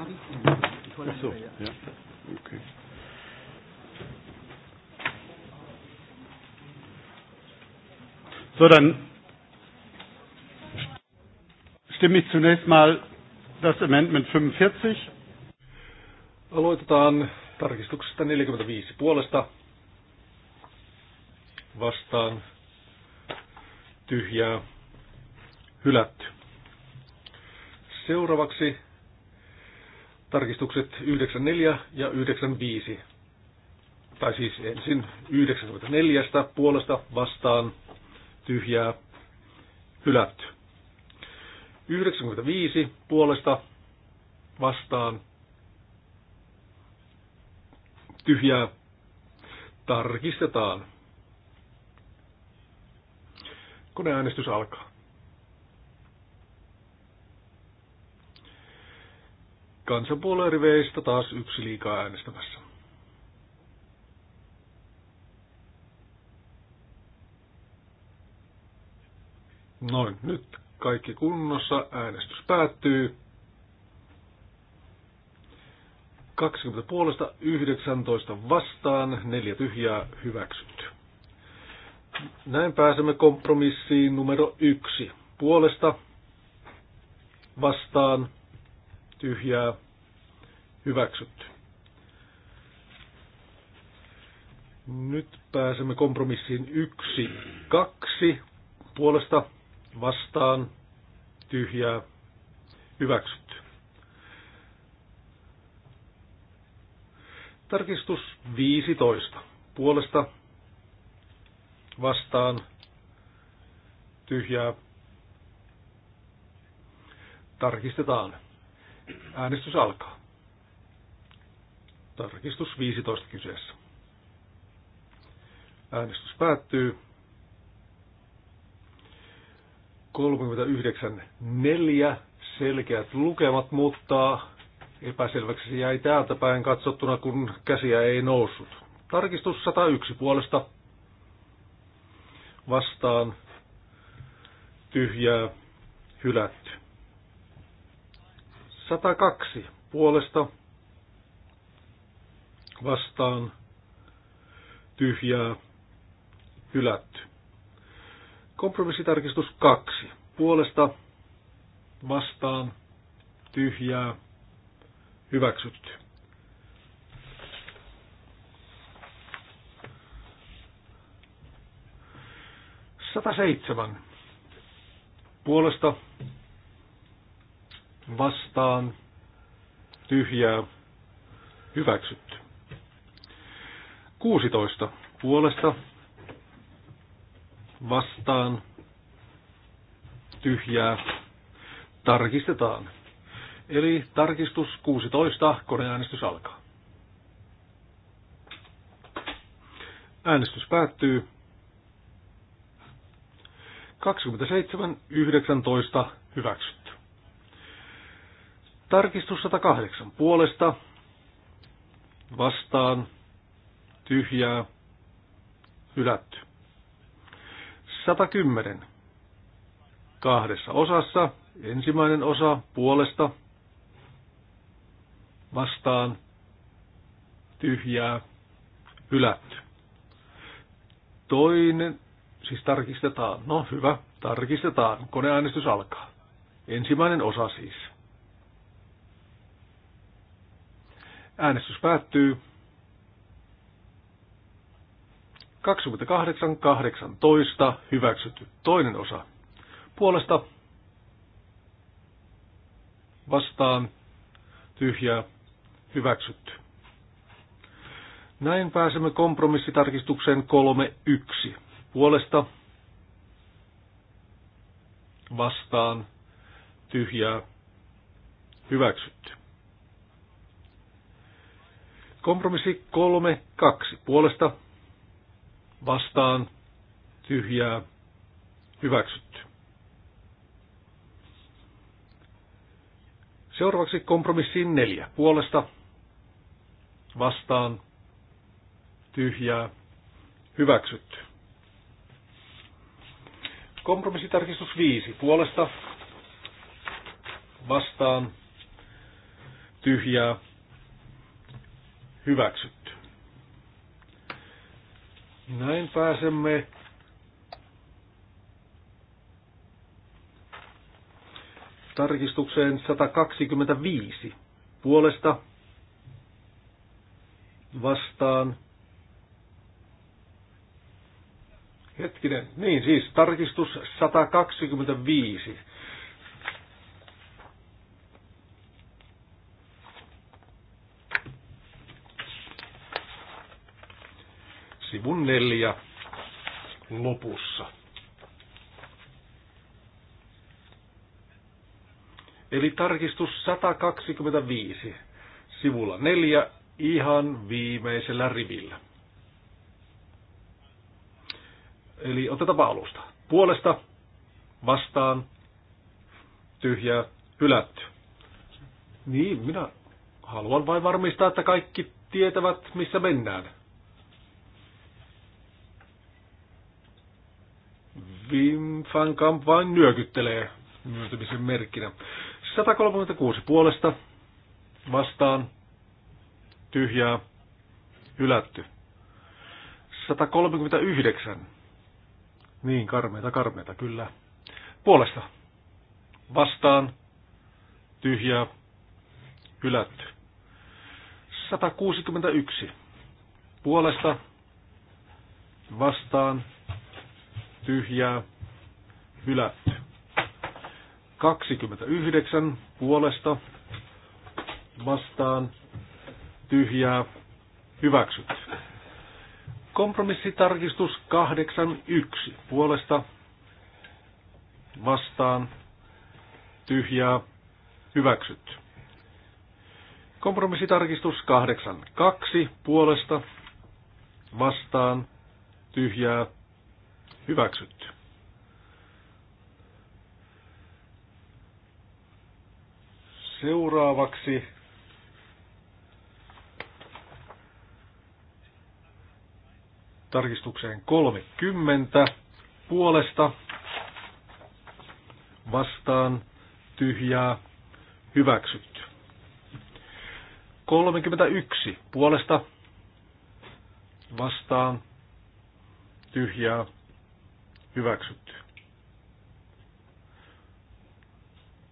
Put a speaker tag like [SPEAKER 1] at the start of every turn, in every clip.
[SPEAKER 1] Ach so, ja.
[SPEAKER 2] Okay. So, dann stimme ich zunächst mal das Amendment 45.
[SPEAKER 3] Aloitetaan tarkistuksesta 45 puolesta vastaan tyhjää hylätty. Seuraavaksi tarkistukset 94 ja 95. Tai siis ensin 94 puolesta vastaan tyhjää hylätty. 95 puolesta vastaan tyhjää tarkistetaan. Koneäänestys alkaa. kansanpuolueen riveistä taas yksi liikaa äänestämässä. Noin, nyt kaikki kunnossa. Äänestys päättyy. 20 puolesta 19 vastaan, neljä tyhjää hyväksytty. Näin pääsemme kompromissiin numero yksi. Puolesta vastaan tyhjää hyväksytty. Nyt pääsemme kompromissiin yksi, kaksi puolesta vastaan tyhjää hyväksytty. Tarkistus 15 puolesta vastaan tyhjää tarkistetaan. Äänestys alkaa. Tarkistus 15 kyseessä. Äänestys päättyy. neljä selkeät lukemat, mutta epäselväksi se jäi täältä päin katsottuna, kun käsiä ei noussut. Tarkistus 101 puolesta vastaan tyhjää hylätty. 102 puolesta vastaan tyhjää hylätty. Kompromissitarkistus 2 puolesta vastaan tyhjää hyväksytty. Sata seitsemän puolesta vastaan tyhjää hyväksytty. 16 puolesta vastaan tyhjää tarkistetaan. Eli tarkistus 16, koneäänestys alkaa. Äänestys päättyy. 27.19 hyväksytty. Tarkistus 108 puolesta vastaan tyhjää hylätty. 110 kahdessa osassa. Ensimmäinen osa puolesta vastaan tyhjää hylätty. Toinen, siis tarkistetaan. No hyvä, tarkistetaan. Koneäänestys alkaa. Ensimmäinen osa siis. Äänestys päättyy. 28.18. Hyväksytty. Toinen osa. Puolesta vastaan tyhjää hyväksytty. Näin pääsemme kompromissitarkistukseen 3.1. Puolesta vastaan tyhjää hyväksytty. Kompromissi kolme-kaksi Puolesta vastaan tyhjää hyväksytty. Seuraavaksi kompromissi 4. Puolesta vastaan tyhjää hyväksytty. Kompromissitarkistus 5. Puolesta vastaan tyhjää hyväksytty. Näin pääsemme tarkistukseen 125 puolesta vastaan. Hetkinen, niin siis tarkistus 125 sivun neljä lopussa. Eli tarkistus 125, sivulla neljä, ihan viimeisellä rivillä. Eli otetaanpa alusta. Puolesta, vastaan, tyhjä hylätty. Niin, minä haluan vain varmistaa, että kaikki tietävät, missä mennään. Wim van Kamp vain nyökyttelee myöntymisen merkkinä. 136 puolesta vastaan tyhjää hylätty. 139. Niin, karmeita, karmeita, kyllä. Puolesta. Vastaan. Tyhjää. Hylätty. 161. Puolesta. Vastaan tyhjää, hylätty. 29 puolesta vastaan tyhjää hyväksytty. Kompromissitarkistus 81 puolesta vastaan tyhjää hyväksytty. Kompromissitarkistus 82 puolesta vastaan tyhjää Hyväksytty. Seuraavaksi tarkistukseen 30 puolesta vastaan tyhjää hyväksytty. 31 puolesta vastaan tyhjää Hyväksytty.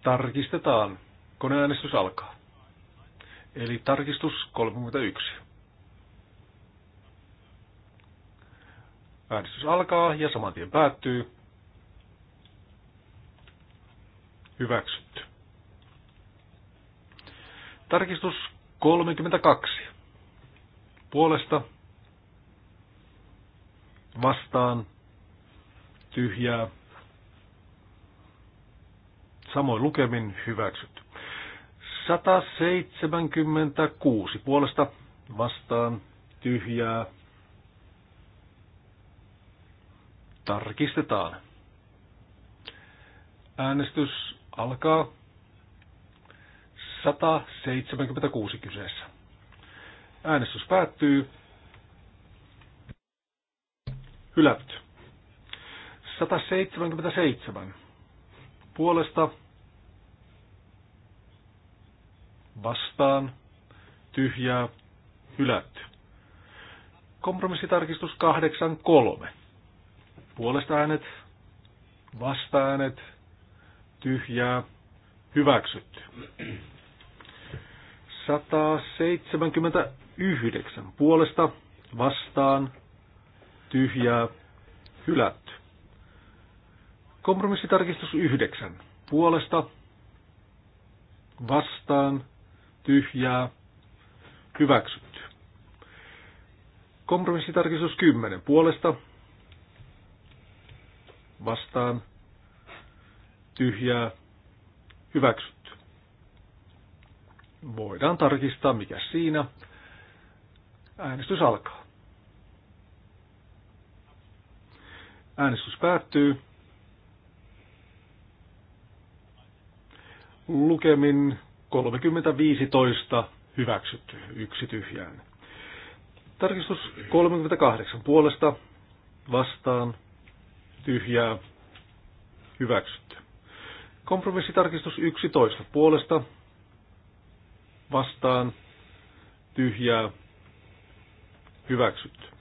[SPEAKER 3] Tarkistetaan. Koneäänestys alkaa. Eli tarkistus 31. Äänestys alkaa ja saman tien päättyy. Hyväksytty. Tarkistus 32. Puolesta vastaan tyhjää. Samoin lukemin hyväksytty. 176 puolesta vastaan tyhjää. Tarkistetaan. Äänestys alkaa. 176 kyseessä. Äänestys päättyy. Hylätty. 177 puolesta vastaan tyhjää hylätty. Kompromissitarkistus 83. Puolesta äänet, vasta äänet, tyhjää hyväksytty. 179 puolesta vastaan tyhjää hylätty. Kompromissitarkistus 9. Puolesta vastaan tyhjää hyväksytty. Kompromissitarkistus 10. Puolesta vastaan tyhjää hyväksytty. Voidaan tarkistaa, mikä siinä. Äänestys alkaa. Äänestys päättyy. lukemin 3015 hyväksytty, yksi tyhjään. Tarkistus 38 puolesta vastaan tyhjää hyväksytty. Kompromissitarkistus 11 puolesta vastaan tyhjää hyväksytty.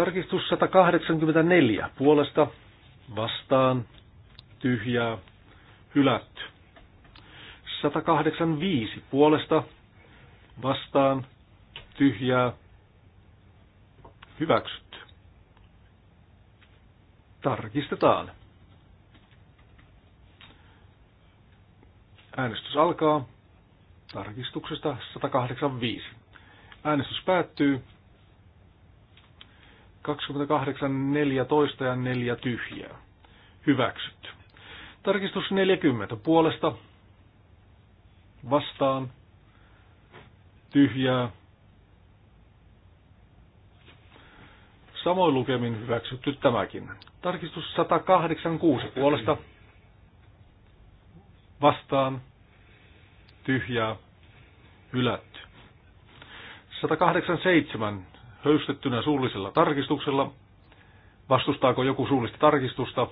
[SPEAKER 3] Tarkistus 184 puolesta vastaan tyhjää hylätty. 185 puolesta vastaan tyhjää hyväksytty. Tarkistetaan. Äänestys alkaa tarkistuksesta 185. Äänestys päättyy. 28.14 ja 4 tyhjää. Hyväksytty. Tarkistus 40 puolesta. Vastaan. Tyhjää. Samoin lukemin hyväksytty tämäkin. Tarkistus 186 puolesta. Vastaan. Tyhjää. Hylätty. 187 höystettynä suullisella tarkistuksella. Vastustaako joku suullista tarkistusta?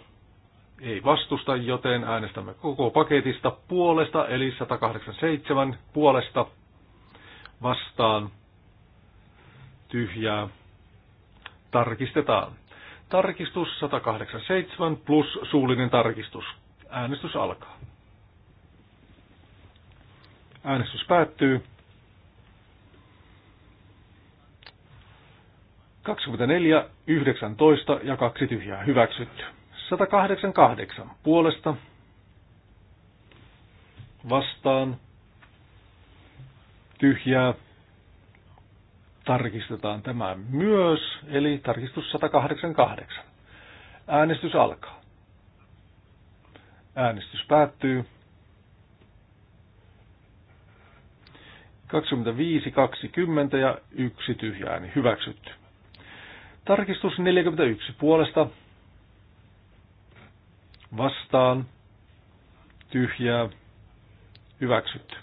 [SPEAKER 3] Ei vastusta, joten äänestämme koko paketista puolesta, eli 187 puolesta vastaan tyhjää. Tarkistetaan. Tarkistus 187 plus suullinen tarkistus. Äänestys alkaa. Äänestys päättyy. 24, 19 ja 2 tyhjää hyväksytty. 188 puolesta vastaan tyhjää. Tarkistetaan tämä myös, eli tarkistus 188. Äänestys alkaa. Äänestys päättyy. 25, 20 ja yksi tyhjää, niin hyväksytty. Tarkistus 41 puolesta vastaan tyhjää hyväksytty.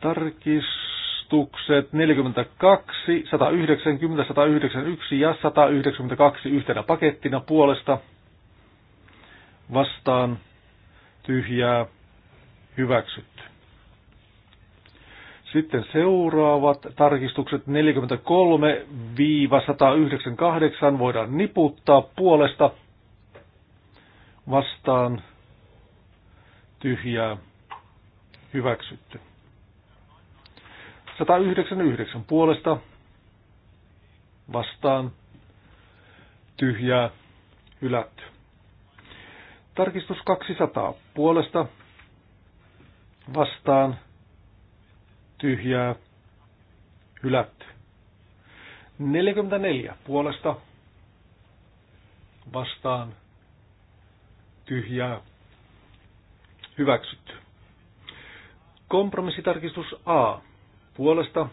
[SPEAKER 3] Tarkistukset 42, 190, 191 ja 192 yhtenä pakettina puolesta vastaan tyhjää hyväksytty. Sitten seuraavat tarkistukset 43-198 voidaan niputtaa puolesta vastaan tyhjää hyväksytty. 199 puolesta vastaan tyhjää hylätty. Tarkistus 200 puolesta vastaan tyhjää, hylätty. 44 puolesta vastaan tyhjää hyväksytty. Kompromissitarkistus A puolesta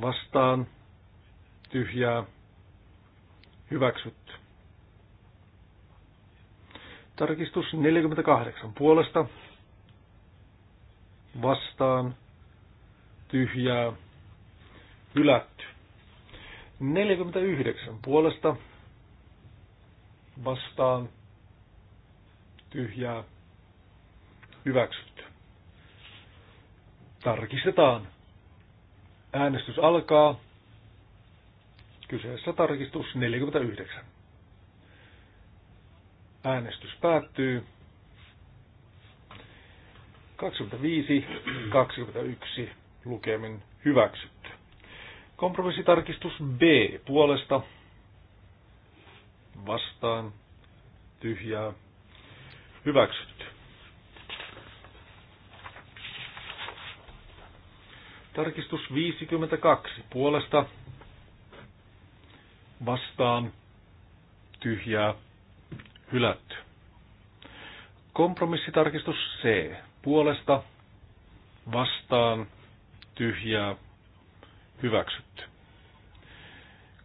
[SPEAKER 3] vastaan tyhjää hyväksytty. Tarkistus 48 puolesta vastaan tyhjää hylätty. 49 puolesta vastaan tyhjää hyväksytty. Tarkistetaan. Äänestys alkaa. Kyseessä tarkistus 49. Äänestys päättyy. 25-21 lukemin hyväksytty. Kompromissitarkistus B puolesta vastaan tyhjää hyväksytty. Tarkistus 52 puolesta vastaan tyhjää hylätty. Kompromissitarkistus C puolesta vastaan tyhjää hyväksytty.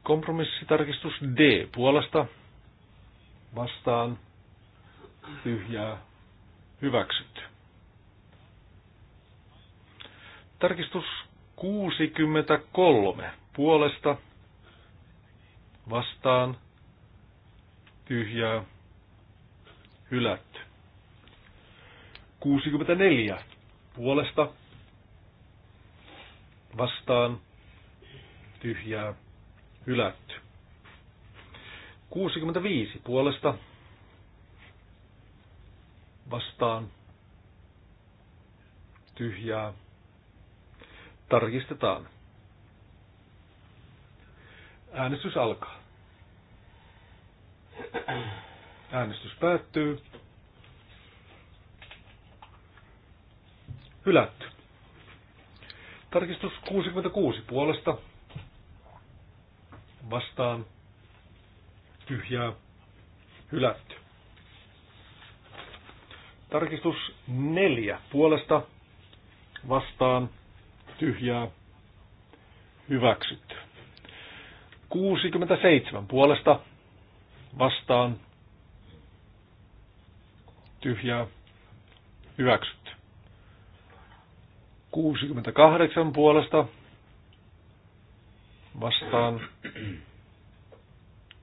[SPEAKER 3] Kompromissitarkistus D puolesta vastaan tyhjää hyväksytty. Tarkistus 63 puolesta vastaan tyhjää hylätty. 64 puolesta vastaan tyhjää hylätty. 65 puolesta vastaan tyhjää tarkistetaan. Äänestys alkaa. Äänestys päättyy. Hylätty. Tarkistus 66 puolesta. Vastaan. Tyhjää. Hylätty. Tarkistus 4 puolesta. Vastaan. Tyhjää. Hyväksytty. 67 puolesta. Vastaan. Tyhjää. Hyväksytty. 68 puolesta vastaan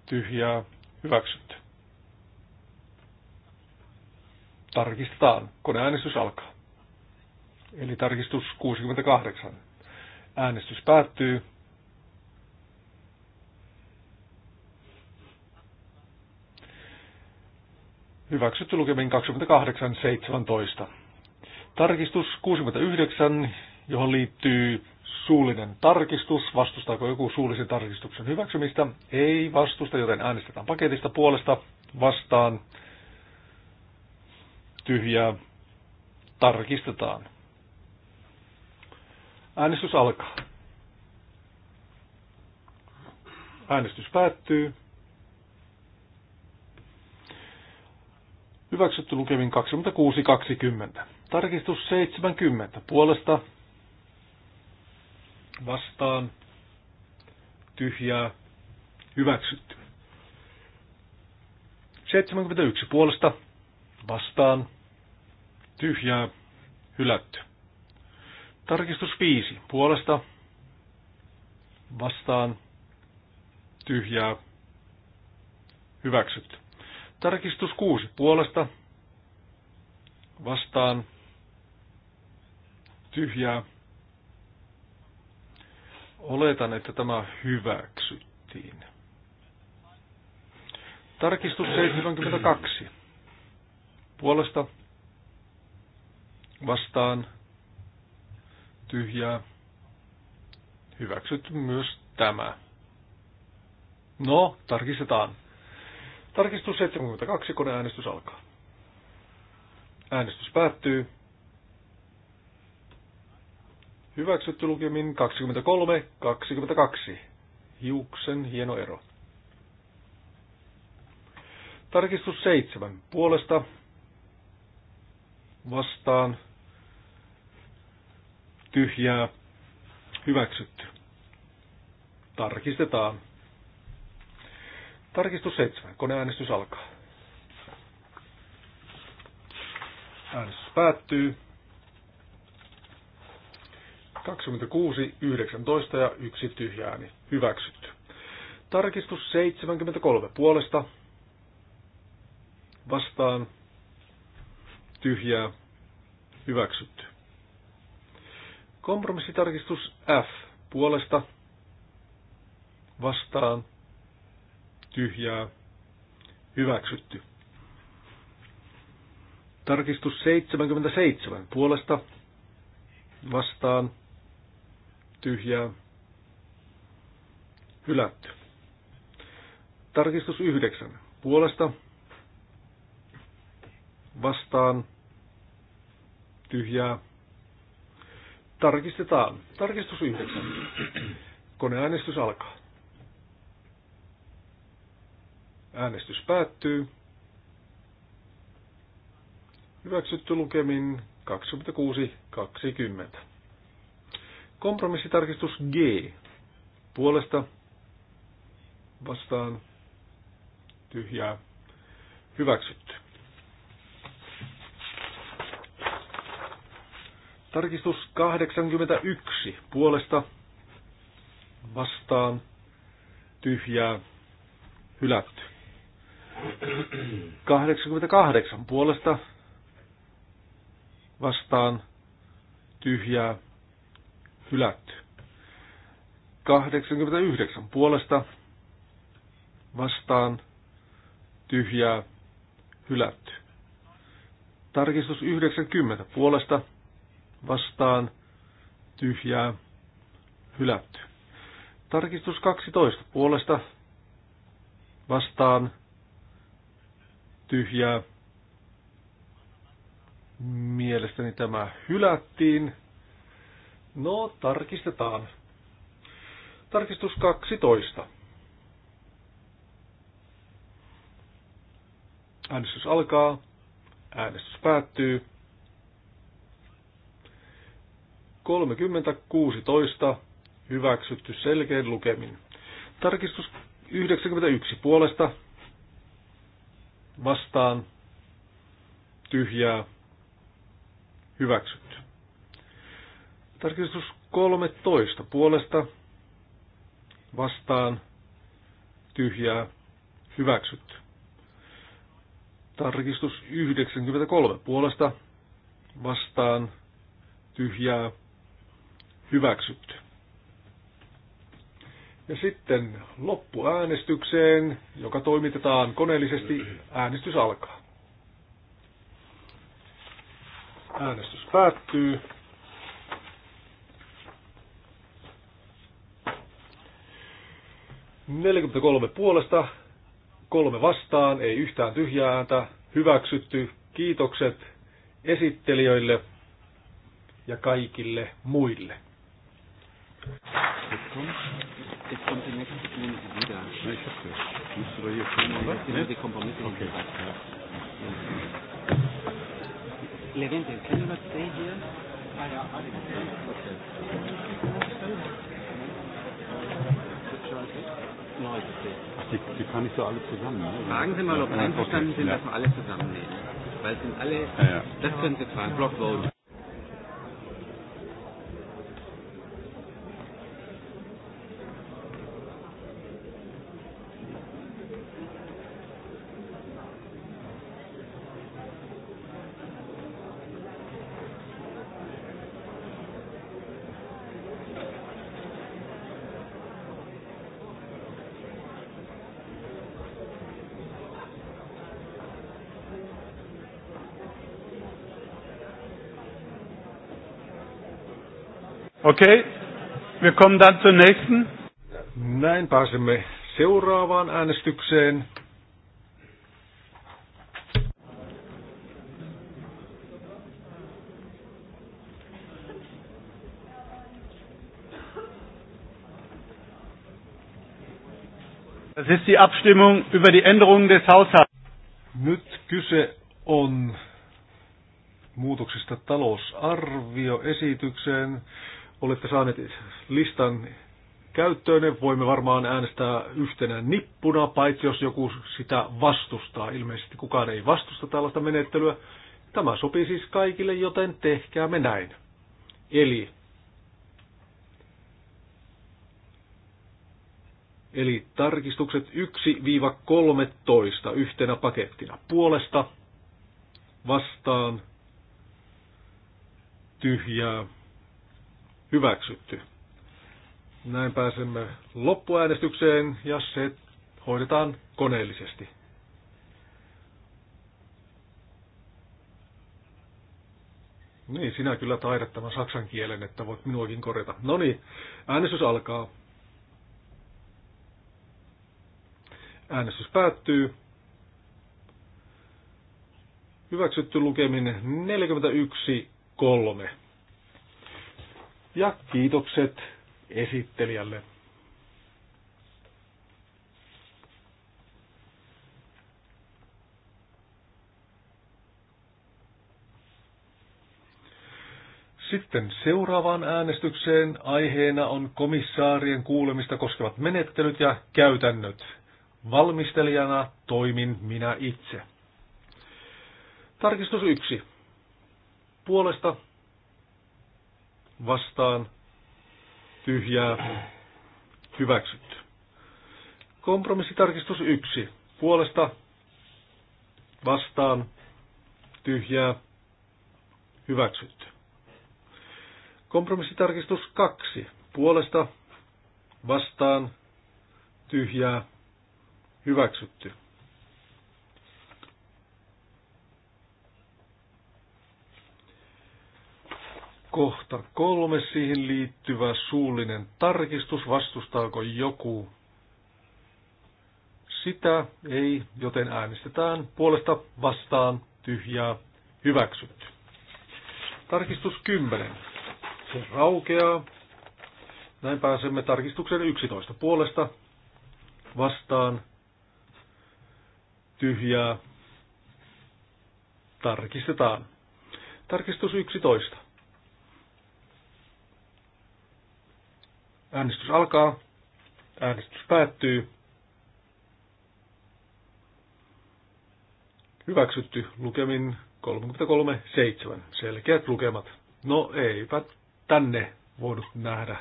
[SPEAKER 3] tyhjää hyväksytty. Tarkistetaan. Koneäänestys alkaa. Eli tarkistus 68. Äänestys päättyy. Hyväksytty lukemin 28.17. Tarkistus 69, johon liittyy suullinen tarkistus. Vastustaako joku suullisen tarkistuksen hyväksymistä? Ei vastusta, joten äänestetään paketista puolesta vastaan. Tyhjää tarkistetaan. Äänestys alkaa. Äänestys päättyy. Hyväksytty lukemin 26.20. Tarkistus 70. Puolesta vastaan tyhjää hyväksytty. 71. Puolesta vastaan tyhjää hylätty. Tarkistus 5. Puolesta vastaan tyhjää hyväksytty. Tarkistus 6. Puolesta vastaan tyhjää. Oletan, että tämä hyväksyttiin. Tarkistus 72. Puolesta vastaan tyhjää. Hyväksytty myös tämä. No, tarkistetaan. Tarkistus 72, koneäänestys alkaa. Äänestys päättyy. Hyväksytty lukemin 23-22. Hiuksen hieno ero. Tarkistus 7. Puolesta vastaan tyhjää hyväksytty. Tarkistetaan. Tarkistus 7. Koneäänestys alkaa. Äänestys päättyy. 26, 19 ja 1 tyhjääni. niin hyväksytty. Tarkistus 73 puolesta vastaan tyhjää, hyväksytty. Kompromissitarkistus F puolesta vastaan tyhjää, hyväksytty. Tarkistus 77 puolesta vastaan tyhjää hylätty. Tarkistus yhdeksän Puolesta vastaan tyhjää tarkistetaan. Tarkistus yhdeksän. Koneäänestys alkaa. Äänestys päättyy. Hyväksytty lukemin 26.20. Kompromissitarkistus G. Puolesta vastaan tyhjää hyväksytty. Tarkistus 81 puolesta vastaan tyhjää hylätty. 88 puolesta vastaan tyhjää hylätty. 89 puolesta vastaan tyhjää hylätty. Tarkistus 90 puolesta vastaan tyhjää hylätty. Tarkistus 12 puolesta vastaan tyhjää. Mielestäni tämä hylättiin. No, tarkistetaan. Tarkistus 12. Äänestys alkaa. Äänestys päättyy. 30.16. Hyväksytty selkein lukemin. Tarkistus 91 puolesta. Vastaan. Tyhjää. Hyväksytty. Tarkistus 13 puolesta vastaan tyhjää hyväksytty. Tarkistus 93 puolesta vastaan tyhjää hyväksytty. Ja sitten loppuäänestykseen, joka toimitetaan koneellisesti, äänestys alkaa. Äänestys päättyy. 43 puolesta, kolme vastaan, ei yhtään tyhjää ääntä, hyväksytty. Kiitokset esittelijöille ja kaikille muille.
[SPEAKER 1] Thank you Ach, Die,
[SPEAKER 2] die kann ich so alle zusammen. Ne? Fragen Sie mal, ob ja, einverstanden okay. sind, ja. dass wir alle zusammennehmen.
[SPEAKER 1] Weil es sind alle, ja, ja. das können Sie fragen, Block Vote.
[SPEAKER 2] Okei, Okay,
[SPEAKER 3] wir kommen dann zur nächsten. Näin pääsemme seuraavaan äänestykseen. Das ist die Abstimmung über die Änderung des Haushalts. Nyt kyse on muutoksista talousarvioesitykseen. Olette saaneet listan käyttöön. Voimme varmaan äänestää yhtenä nippuna, paitsi jos joku sitä vastustaa. Ilmeisesti kukaan ei vastusta tällaista menettelyä. Tämä sopii siis kaikille, joten tehkäämme näin. Eli, eli tarkistukset 1-13 yhtenä pakettina. Puolesta, vastaan, tyhjää, hyväksytty. Näin pääsemme loppuäänestykseen ja se hoidetaan koneellisesti. Niin, sinä kyllä taidat tämän saksan kielen, että voit minuakin korjata. No niin, äänestys alkaa. Äänestys päättyy. Hyväksytty lukemin 41.3. Ja kiitokset esittelijälle. Sitten seuraavaan äänestykseen aiheena on komissaarien kuulemista koskevat menettelyt ja käytännöt. Valmistelijana toimin minä itse. Tarkistus 1. Puolesta vastaan tyhjää hyväksytty. Kompromissitarkistus 1. Puolesta vastaan tyhjää hyväksytty. Kompromissitarkistus 2. Puolesta vastaan tyhjää hyväksytty. Kohta kolme, siihen liittyvä suullinen tarkistus. Vastustaako joku sitä? Ei, joten äänestetään puolesta vastaan tyhjää hyväksytty. Tarkistus 10. Se raukeaa. Näin pääsemme tarkistuksen 11 puolesta vastaan tyhjää tarkistetaan. Tarkistus 11. Äänestys alkaa. Äänestys päättyy. Hyväksytty lukemin 33.7. Selkeät lukemat. No eipä tänne voinut nähdä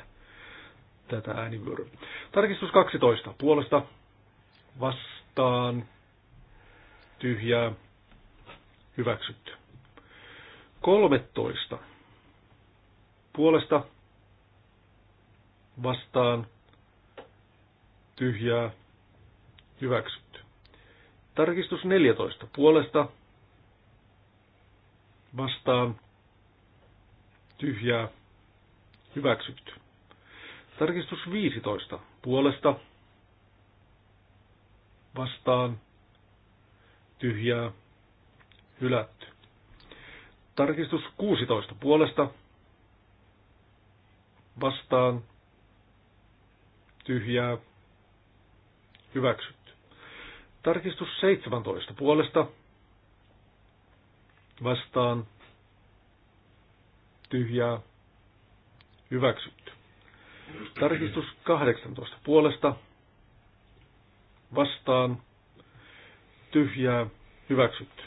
[SPEAKER 3] tätä äänivyöryä. Tarkistus 12. Puolesta vastaan tyhjää hyväksytty. 13. Puolesta vastaan tyhjää hyväksytty. Tarkistus 14 puolesta vastaan tyhjää hyväksytty. Tarkistus 15 puolesta vastaan tyhjää hylätty. Tarkistus 16 puolesta vastaan tyhjää hyväksytty. Tarkistus 17 puolesta vastaan tyhjää hyväksytty. Tarkistus 18 puolesta vastaan tyhjää hyväksytty.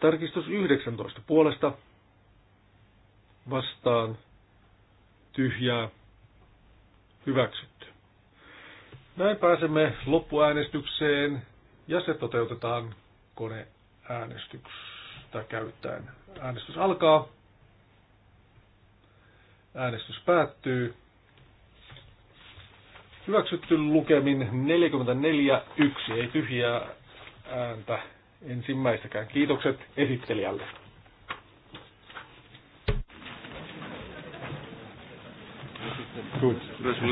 [SPEAKER 3] Tarkistus 19 puolesta vastaan tyhjää hyväksytty. Näin pääsemme loppuäänestykseen ja se toteutetaan koneäänestyksestä käyttäen. Äänestys alkaa. Äänestys päättyy. Hyväksytty lukemin 44.1, ei tyhjää ääntä ensimmäistäkään. Kiitokset esittelijälle.
[SPEAKER 4] Gut. Das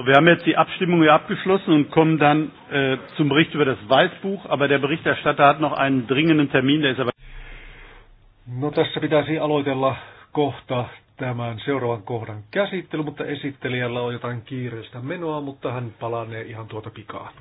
[SPEAKER 2] So, wir haben jetzt die Abstimmung hier abgeschlossen und kommen dann äh, zum Bericht über das Weißbuch, aber der Berichterstatter hat noch einen dringenden
[SPEAKER 3] Termin, der ist aber... No tässä pitäisi aloitella kohta tämän seuraavan kohdan käsittely, mutta esittelijällä on jotain kiireistä menoa, mutta hän palaa ihan tuota pikaa.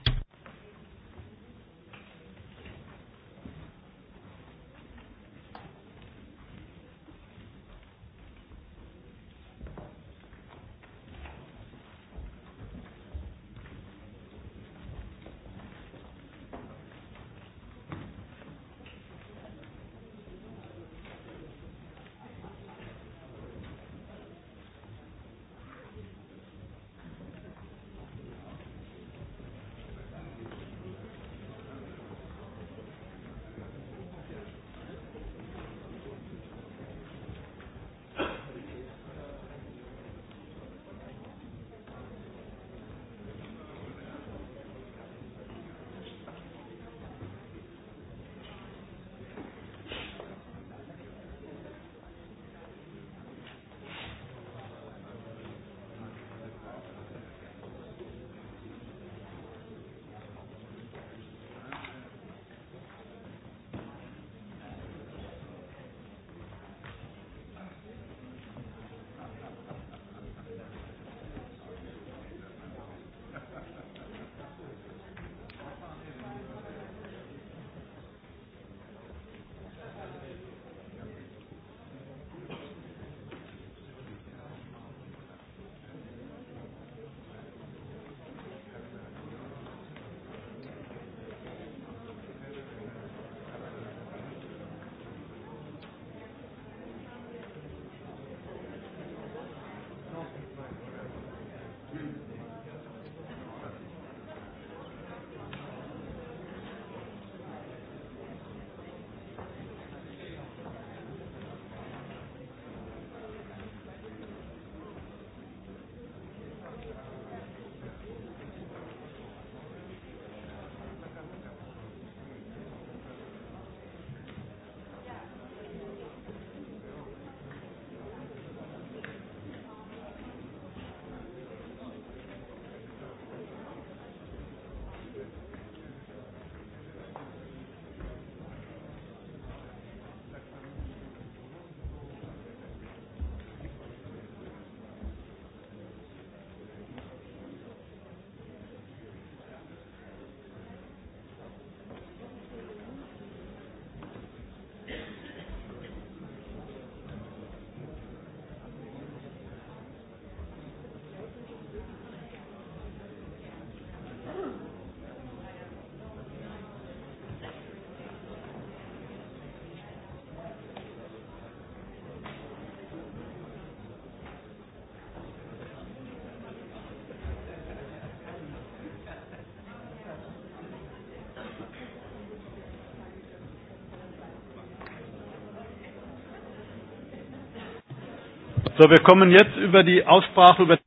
[SPEAKER 3] So, wir kommen jetzt über die Aussprache über...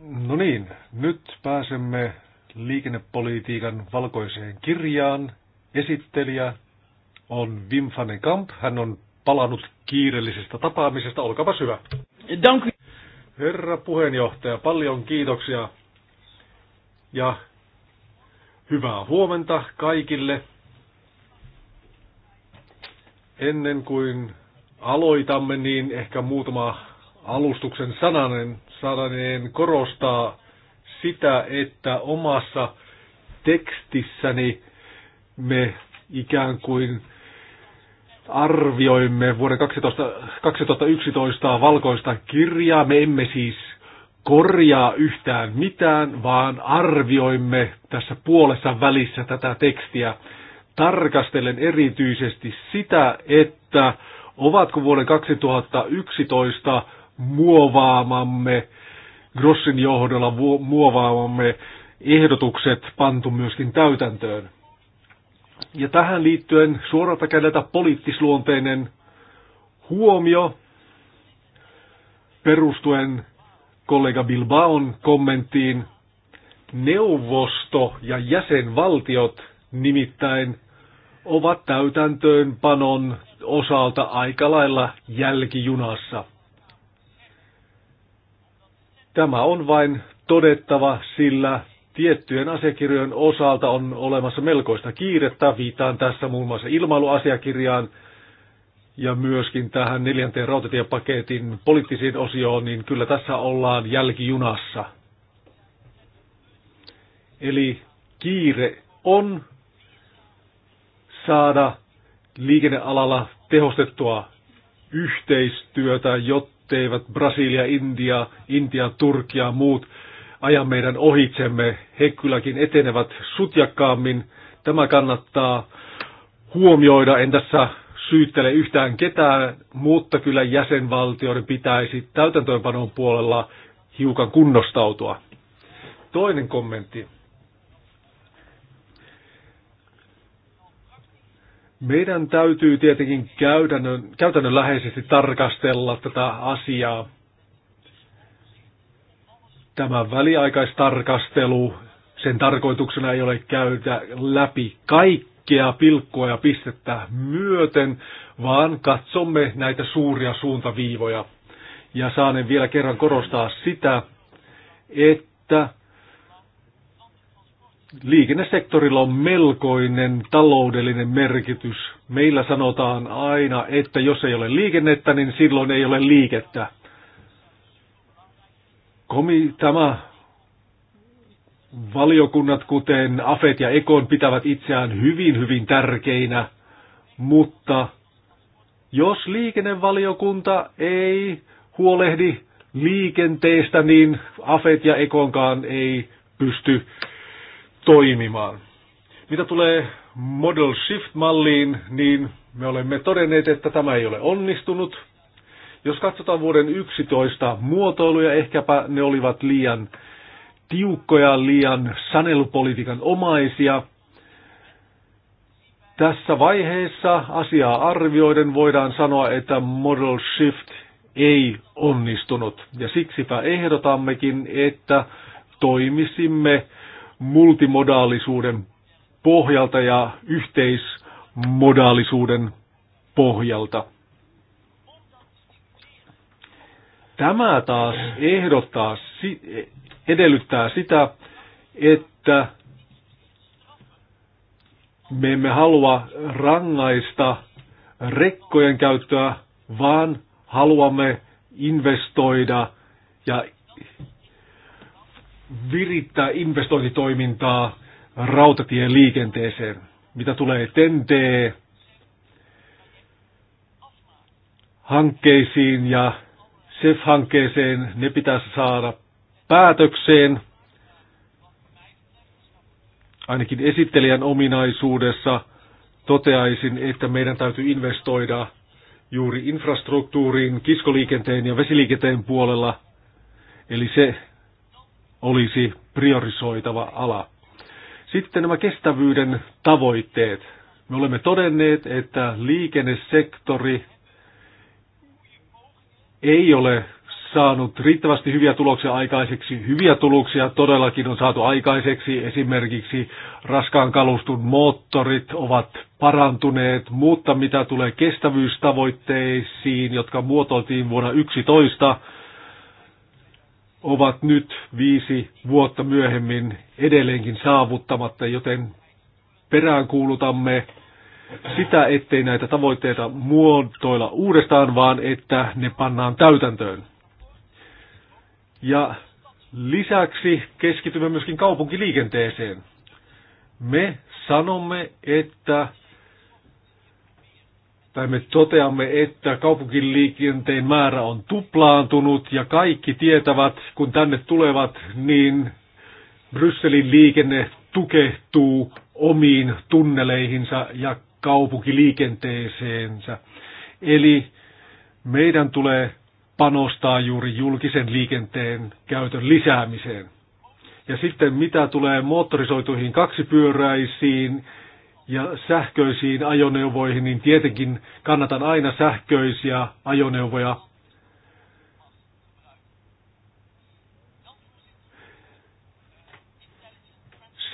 [SPEAKER 3] No niin, nyt pääsemme liikennepolitiikan valkoiseen kirjaan. Esittelijä on Wim van den Kamp. Hän on palannut kiireellisestä tapaamisesta. Olkaapa hyvä. Dank. Herra puheenjohtaja, paljon kiitoksia ja hyvää huomenta kaikille. Ennen kuin aloitamme, niin ehkä muutama alustuksen sananen, sananen korostaa sitä, että omassa tekstissäni me ikään kuin arvioimme vuoden 12, 2011 valkoista kirjaa. Me emme siis korjaa yhtään mitään, vaan arvioimme tässä puolessa välissä tätä tekstiä. Tarkastelen erityisesti sitä, että ovatko vuoden 2011 muovaamamme, Grossin johdolla muovaamamme ehdotukset pantu myöskin täytäntöön. Ja tähän liittyen suoralta kädeltä poliittisluonteinen huomio perustuen kollega Bilbaon kommenttiin. Neuvosto ja jäsenvaltiot nimittäin ovat täytäntöönpanon osalta aika lailla jälkijunassa – Tämä on vain todettava, sillä tiettyjen asiakirjojen osalta on olemassa melkoista kiirettä. Viitaan tässä muun muassa ilmailuasiakirjaan ja myöskin tähän neljänteen rautatiepaketin poliittisiin osioon, niin kyllä tässä ollaan jälkijunassa. Eli kiire on saada liikennealalla tehostettua yhteistyötä, jotta etteivät Brasilia, India, Intia, Turkia ja muut aja meidän ohitsemme. He kylläkin etenevät sutjakkaammin. Tämä kannattaa huomioida. En tässä syyttele yhtään ketään, mutta kyllä jäsenvaltioiden pitäisi täytäntöönpanon puolella hiukan kunnostautua. Toinen kommentti. Meidän täytyy tietenkin käytännön, käytännönläheisesti tarkastella tätä asiaa. Tämä väliaikaistarkastelu, sen tarkoituksena ei ole käydä läpi kaikkea pilkkoa ja pistettä myöten, vaan katsomme näitä suuria suuntaviivoja. Ja saanen vielä kerran korostaa sitä, että liikennesektorilla on melkoinen taloudellinen merkitys. Meillä sanotaan aina, että jos ei ole liikennettä, niin silloin ei ole liikettä. Komi, tämä valiokunnat, kuten AFET ja EKON, pitävät itseään hyvin, hyvin tärkeinä, mutta jos liikennevaliokunta ei huolehdi liikenteestä, niin AFET ja EKONkaan ei pysty toimimaan. Mitä tulee Model Shift-malliin, niin me olemme todenneet, että tämä ei ole onnistunut. Jos katsotaan vuoden 11 muotoiluja, ehkäpä ne olivat liian tiukkoja, liian sanelupolitiikan omaisia. Tässä vaiheessa asiaa arvioiden voidaan sanoa, että Model Shift ei onnistunut. Ja siksipä ehdotammekin, että toimisimme multimodaalisuuden pohjalta ja yhteismodaalisuuden pohjalta. Tämä taas ehdottaa, edellyttää sitä, että me emme halua rangaista rekkojen käyttöä, vaan haluamme investoida ja virittää investointitoimintaa rautatien liikenteeseen. Mitä tulee TNT hankkeisiin ja SEF-hankkeeseen, ne pitäisi saada päätökseen, ainakin esittelijän ominaisuudessa toteaisin, että meidän täytyy investoida juuri infrastruktuuriin, kiskoliikenteen ja vesiliikenteen puolella. Eli se olisi priorisoitava ala. Sitten nämä kestävyyden tavoitteet. Me olemme todenneet, että liikennesektori ei ole saanut riittävästi hyviä tuloksia aikaiseksi. Hyviä tuloksia todellakin on saatu aikaiseksi. Esimerkiksi raskaan kalustun moottorit ovat parantuneet, mutta mitä tulee kestävyystavoitteisiin, jotka muotoiltiin vuonna 2011, ovat nyt viisi vuotta myöhemmin edelleenkin saavuttamatta, joten peräänkuulutamme sitä, ettei näitä tavoitteita muotoilla uudestaan, vaan että ne pannaan täytäntöön. Ja lisäksi keskitymme myöskin kaupunkiliikenteeseen. Me sanomme, että tai me toteamme, että kaupunkiliikenteen määrä on tuplaantunut ja kaikki tietävät, kun tänne tulevat, niin Brysselin liikenne tukehtuu omiin tunneleihinsa ja kaupunkiliikenteeseensä. Eli meidän tulee panostaa juuri julkisen liikenteen käytön lisäämiseen. Ja sitten mitä tulee moottorisoituihin kaksipyöräisiin ja sähköisiin ajoneuvoihin, niin tietenkin kannatan aina sähköisiä ajoneuvoja.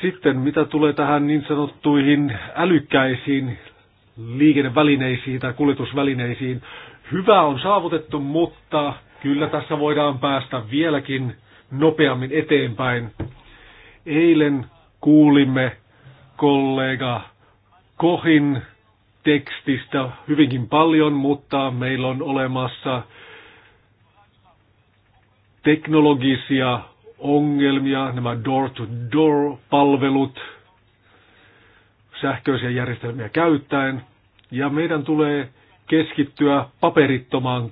[SPEAKER 3] Sitten mitä tulee tähän niin sanottuihin älykkäisiin liikennevälineisiin tai kuljetusvälineisiin, hyvä on saavutettu, mutta kyllä tässä voidaan päästä vieläkin nopeammin eteenpäin. Eilen kuulimme kollega Kohin tekstistä hyvinkin paljon, mutta meillä on olemassa teknologisia ongelmia, nämä door-to-door-palvelut sähköisiä järjestelmiä käyttäen. Ja meidän tulee keskittyä paperittomaan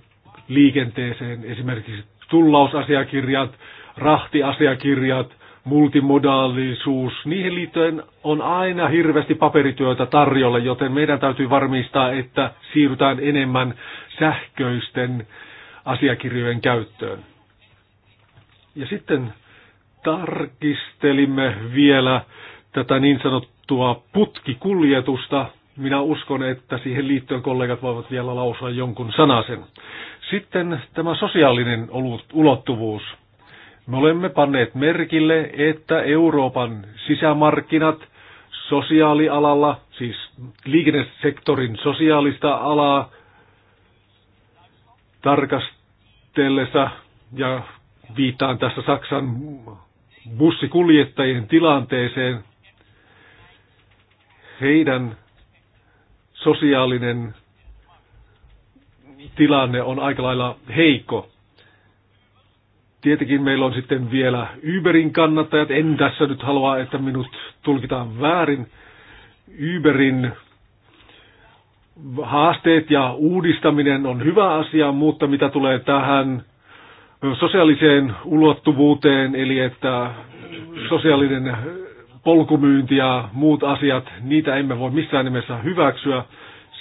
[SPEAKER 3] liikenteeseen, esimerkiksi tullausasiakirjat, rahtiasiakirjat, multimodaalisuus, niihin liittyen on aina hirveästi paperityötä tarjolla, joten meidän täytyy varmistaa, että siirrytään enemmän sähköisten asiakirjojen käyttöön. Ja sitten tarkistelimme vielä tätä niin sanottua putkikuljetusta. Minä uskon, että siihen liittyen kollegat voivat vielä lausua jonkun sanasen. Sitten tämä sosiaalinen ulottuvuus – me olemme panneet merkille, että Euroopan sisämarkkinat sosiaalialalla, siis liikennesektorin sosiaalista alaa tarkastellessa, ja viittaan tässä Saksan bussikuljettajien tilanteeseen, heidän sosiaalinen tilanne on aika lailla heikko. Tietenkin meillä on sitten vielä Uberin kannattajat. En tässä nyt halua, että minut tulkitaan väärin. Uberin haasteet ja uudistaminen on hyvä asia, mutta mitä tulee tähän sosiaaliseen ulottuvuuteen, eli että sosiaalinen polkumyynti ja muut asiat, niitä emme voi missään nimessä hyväksyä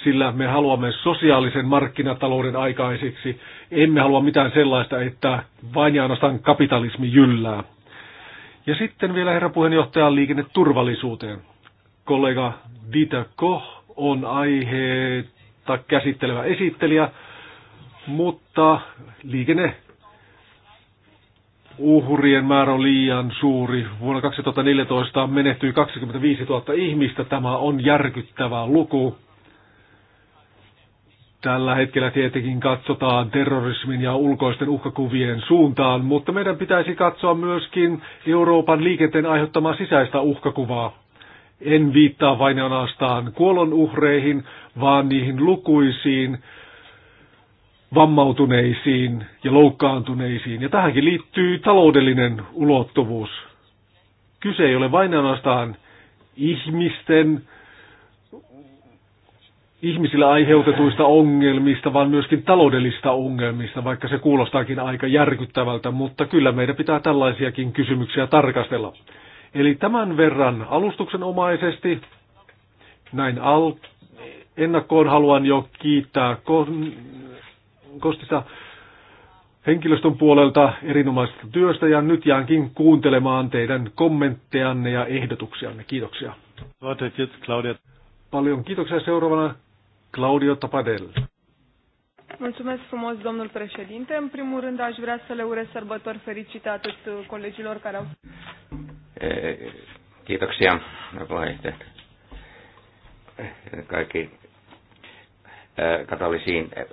[SPEAKER 3] sillä me haluamme sosiaalisen markkinatalouden aikaisiksi. Emme halua mitään sellaista, että vain ja ainoastaan kapitalismi jyllää. Ja sitten vielä herra puheenjohtaja liikenneturvallisuuteen. Kollega Dieter Koch on aiheetta käsittelevä esittelijä, mutta liikenne uhrien määrä on liian suuri. Vuonna 2014 menehtyi 25 000 ihmistä. Tämä on järkyttävä luku. Tällä hetkellä tietenkin katsotaan terrorismin ja ulkoisten uhkakuvien suuntaan, mutta meidän pitäisi katsoa myöskin Euroopan liikenteen aiheuttamaa sisäistä uhkakuvaa. En viittaa vain ainoastaan kuolonuhreihin, vaan niihin lukuisiin vammautuneisiin ja loukkaantuneisiin. Ja tähänkin liittyy taloudellinen ulottuvuus. Kyse ei ole vain ainoastaan ihmisten ihmisillä aiheutetuista ongelmista, vaan myöskin taloudellista ongelmista, vaikka se kuulostaakin aika järkyttävältä, mutta kyllä meidän pitää tällaisiakin kysymyksiä tarkastella. Eli tämän verran alustuksen omaisesti, näin al- ennakkoon haluan jo kiittää ko- Kostista henkilöstön puolelta erinomaisesta työstä ja nyt jäänkin kuuntelemaan teidän kommenttejanne ja ehdotuksianne. Kiitoksia. Paljon kiitoksia seuraavana Claudio Tapadel.
[SPEAKER 5] Mulțumesc frumos, domnul președinte. În primul rând, aș vrea să le urez sărbători fericite atât colegilor care au...
[SPEAKER 3] E,
[SPEAKER 6] kiitoksia, Kaikki e, katolisiin e,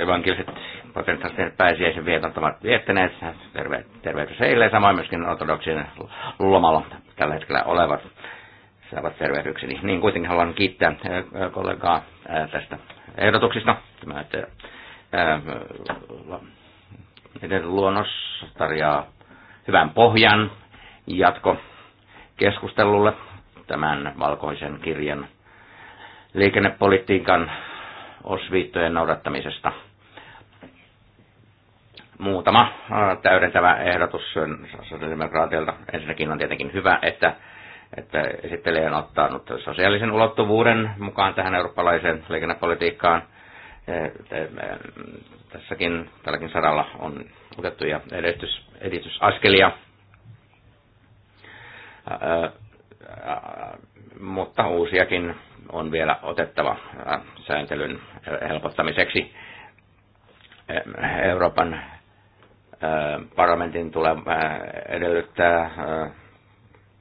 [SPEAKER 6] evankeliset protestanttien pääsiäisen vietot ovat viettäneet. Terveet, terveet heille, samoin myöskin ortodoksien lomalla tällä hetkellä olevat saavat tervehdykseni. Niin kuitenkin haluan kiittää kollegaa tästä ehdotuksista. Tämä että, luonnos tarjoaa hyvän pohjan jatko keskustelulle tämän valkoisen kirjan liikennepolitiikan osviittojen noudattamisesta. Muutama täydentävä ehdotus sosiaalidemokraatilta. Ensinnäkin on tietenkin hyvä, että että esittelijä on ottanut sosiaalisen ulottuvuuden mukaan tähän eurooppalaiseen liikennepolitiikkaan. Tässäkin tälläkin saralla on otettuja edistys, edistysaskelia, mutta uusiakin on vielä otettava sääntelyn helpottamiseksi. Euroopan parlamentin tulee edellyttää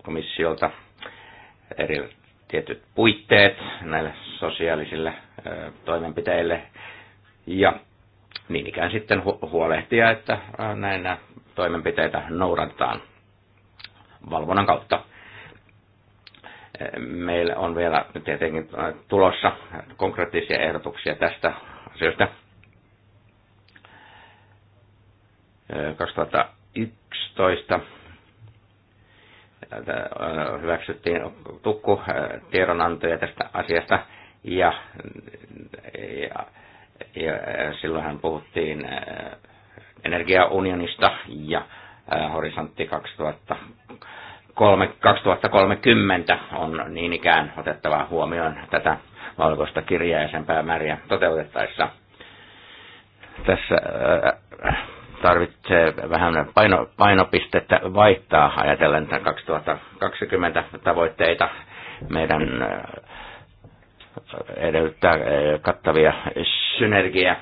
[SPEAKER 6] komissiolta eri tietyt puitteet näille sosiaalisille toimenpiteille ja niin ikään sitten huolehtia, että näinä toimenpiteitä noudatetaan valvonnan kautta. Meillä on vielä tietenkin tulossa konkreettisia ehdotuksia tästä asioista. 2011 hyväksyttiin tukku äh, tiedonantoja tästä asiasta ja, ja, ja äh, silloinhan puhuttiin äh, energiaunionista ja horisontti 2000 2030 on niin ikään otettava huomioon tätä valkoista kirjaa ja sen päämääriä toteutettaessa. Tässä tarvitsee vähän paino, painopistettä vaihtaa ajatellen 2020 tavoitteita. Meidän äh, edellyttää äh, kattavia synergia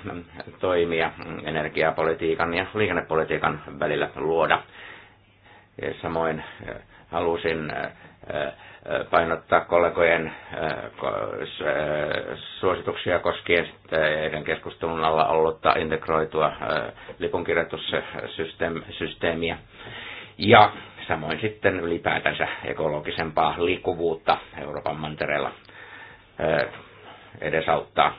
[SPEAKER 6] toimia energiapolitiikan ja liikennepolitiikan välillä luoda. Samoin äh, halusin painottaa kollegojen äh, äh, suosituksia koskien heidän keskustelun alla ollutta integroitua äh, lipunkirjoitussysteemiä. Ja samoin sitten ylipäätänsä ekologisempaa liikkuvuutta Euroopan mantereella edesauttaa.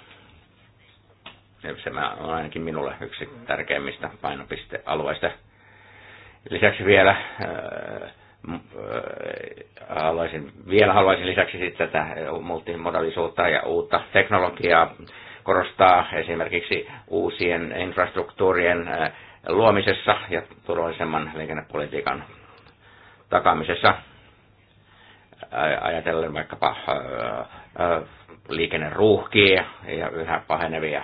[SPEAKER 6] Se on ainakin minulle yksi tärkeimmistä painopistealueista. Lisäksi vielä haluaisin, vielä haluaisin lisäksi sitten tätä multimodaalisuutta ja uutta teknologiaa korostaa esimerkiksi uusien infrastruktuurien luomisessa ja turvallisemman liikennepolitiikan takaamisessa. Ajatellen vaikkapa liikenneruuhkia ja yhä pahenevia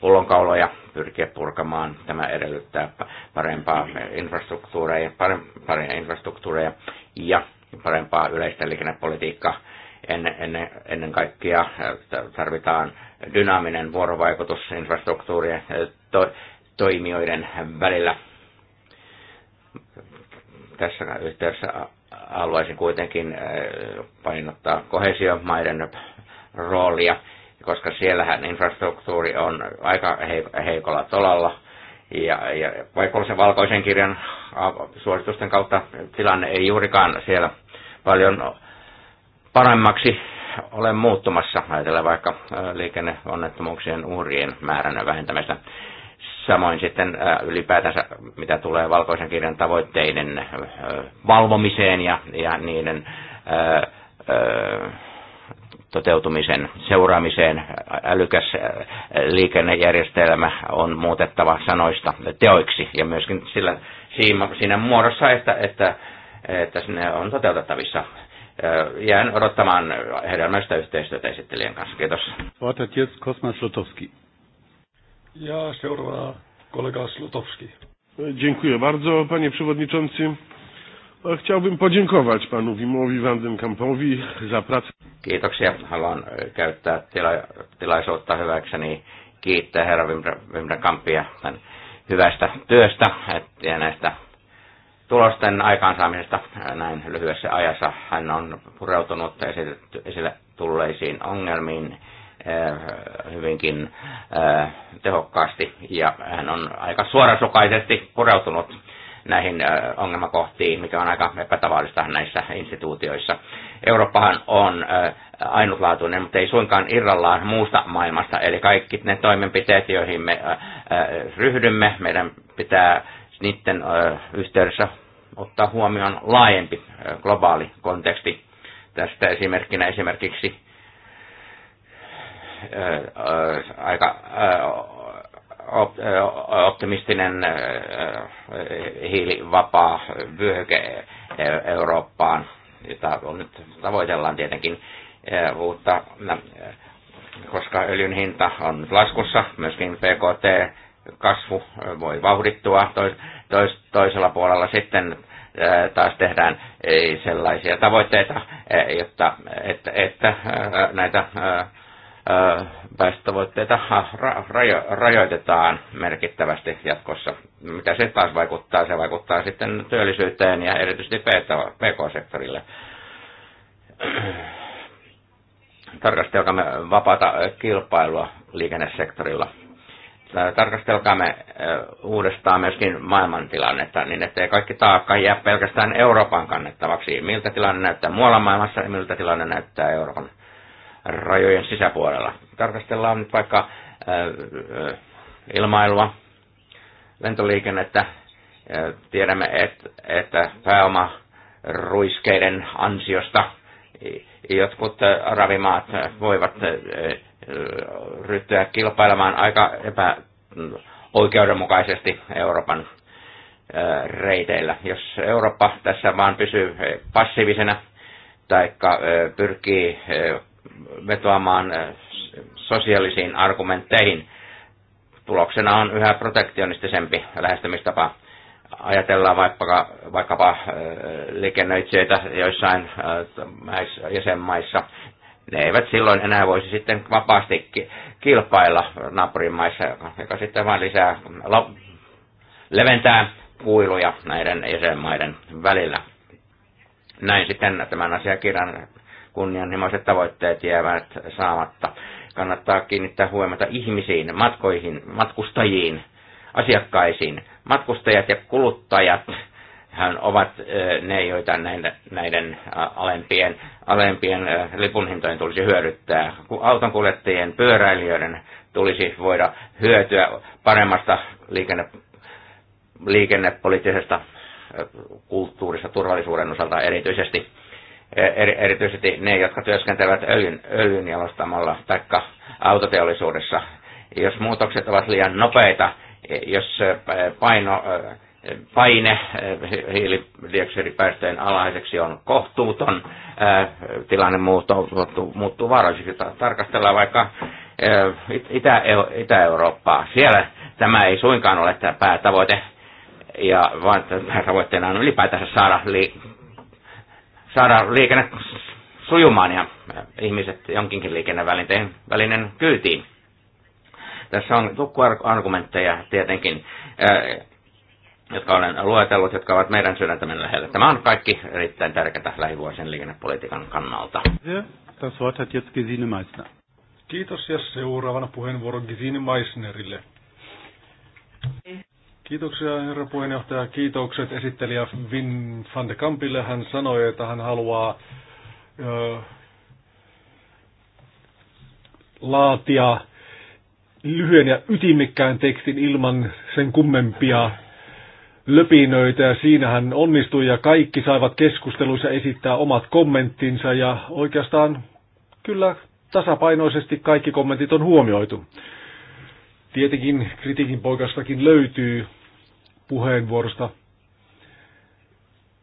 [SPEAKER 6] pullonkauloja pyrkiä purkamaan. Tämä edellyttää parempaa infrastruktuureja, parempaa infrastruktuureja ja parempaa yleistä liikennepolitiikkaa. Ennen, ennen, kaikkea tarvitaan dynaaminen vuorovaikutus infrastruktuurien to, toimijoiden välillä. Tässä yhteydessä haluaisin kuitenkin painottaa kohesiomaiden roolia koska siellähän infrastruktuuri on aika heikolla tolalla. Ja, ja vaikka se valkoisen kirjan suositusten kautta tilanne ei juurikaan siellä paljon paremmaksi ole muuttumassa, ajatellen vaikka liikenneonnettomuuksien uhrien määrän vähentämistä. Samoin sitten ylipäätänsä, mitä tulee valkoisen kirjan tavoitteiden valvomiseen ja, ja niiden toteutumisen seuraamiseen. Älykäs äh, liikennejärjestelmä on muutettava sanoista teoiksi ja myöskin sillä, siinä muodossa, että, että, että ne on toteutettavissa. Äh, jään odottamaan hedelmäistä yhteistyötä esittelijän kanssa.
[SPEAKER 2] Kiitos. Kosma Slutowski.
[SPEAKER 3] Ja seuraava kollega Slutowski. Dziękuję
[SPEAKER 2] bardzo, panie przewodniczący. Chciałbym podziękować panu Wimowi Wandenkampowi
[SPEAKER 6] za pracę. Kiitoksia. Haluan käyttää tila- tilaisuutta hyväkseni kiittää herra Kampia tämän hyvästä työstä ja näistä tulosten aikaansaamisesta näin lyhyessä ajassa. Hän on pureutunut esille tulleisiin ongelmiin hyvinkin tehokkaasti ja hän on aika suorasukaisesti pureutunut näihin ongelmakohtiin, mikä on aika epätavallista näissä instituutioissa. Eurooppahan on ainutlaatuinen, mutta ei suinkaan irrallaan muusta maailmasta. Eli kaikki ne toimenpiteet, joihin me ryhdymme, meidän pitää niiden yhteydessä ottaa huomioon laajempi globaali konteksti. Tästä esimerkkinä esimerkiksi aika optimistinen hiilivapaa vyöhyke Eurooppaan, jota nyt tavoitellaan tietenkin uutta, no, koska öljyn hinta on nyt laskussa, myöskin PKT kasvu voi vauhdittua. Tois, tois, toisella puolella sitten taas tehdään sellaisia tavoitteita, jotta, että, että näitä päästötavoitteita rajo, rajoitetaan merkittävästi jatkossa. Mitä se taas vaikuttaa? Se vaikuttaa sitten työllisyyteen ja erityisesti PK-sektorille. Tarkastelkaamme vapaata kilpailua liikennesektorilla. Tarkastelkaamme uudestaan myöskin maailmantilannetta niin, ettei kaikki taakka jää pelkästään Euroopan kannettavaksi. Miltä tilanne näyttää muualla maailmassa ja miltä tilanne näyttää Euroopan rajojen sisäpuolella. Tarkastellaan nyt vaikka ilmailua, lentoliikennettä. Tiedämme, että, pääoma ruiskeiden ansiosta jotkut ravimaat voivat ryhtyä kilpailemaan aika epäoikeudenmukaisesti mm, Euroopan reiteillä. Jos Eurooppa tässä vaan pysyy passiivisena tai pyrkii vetoamaan eh, sosiaalisiin argumentteihin. Tuloksena on yhä protektionistisempi lähestymistapa. Ajatellaan vaikkapa, vaikkapa eh, liikennöitsijöitä joissain eh, jäsenmaissa. Ne eivät silloin enää voisi sitten vapaasti kilpailla maissa, joka sitten vain lisää, leventää kuiluja näiden jäsenmaiden välillä. Näin sitten tämän asiakirjan kunnianhimoiset tavoitteet jäävät saamatta. Kannattaa kiinnittää huomiota ihmisiin, matkoihin, matkustajiin, asiakkaisiin. Matkustajat ja kuluttajat hän ovat ne, joita näiden, näiden alempien, alempien lipunhintojen tulisi hyödyttää. Autonkuljettajien, pyöräilijöiden tulisi voida hyötyä paremmasta liikenne, liikennepoliittisesta kulttuurista turvallisuuden osalta erityisesti. E- erityisesti ne, jotka työskentelevät öljyn, öljyn jalostamalla tai autoteollisuudessa. Jos muutokset ovat liian nopeita, e- jos e- paino, paine hiilidioksidipäästöjen alaiseksi on kohtuuton, tilanne muuttuu, muuttuu vaaralliseksi. Tarkastellaan vaikka Itä-Eurooppaa. Siellä tämä ei suinkaan ole tämä päätavoite, ja vaan tavoitteena on ylipäätänsä saada saada liikenne sujumaan ja ihmiset jonkinkin liikennevälineen välinen kyytiin. Tässä on tukkuargumentteja tietenkin, jotka olen luetellut, jotka ovat meidän sydäntämme lähellä. Tämä on kaikki erittäin tärkeää lähivuosien liikennepolitiikan
[SPEAKER 3] kannalta. Kiitos ja seuraavana puheenvuoro Gesine Meissnerille. Kiitoksia herra puheenjohtaja. Kiitokset esittelijä Vin van de Kampille. Hän sanoi, että hän haluaa ö, laatia lyhyen ja ytimekkään tekstin ilman sen kummempia löpinöitä ja siinä hän onnistui ja kaikki saivat keskusteluissa esittää omat kommenttinsa ja oikeastaan kyllä tasapainoisesti kaikki kommentit on huomioitu. Tietenkin kritiikin poikastakin löytyy puheenvuorosta.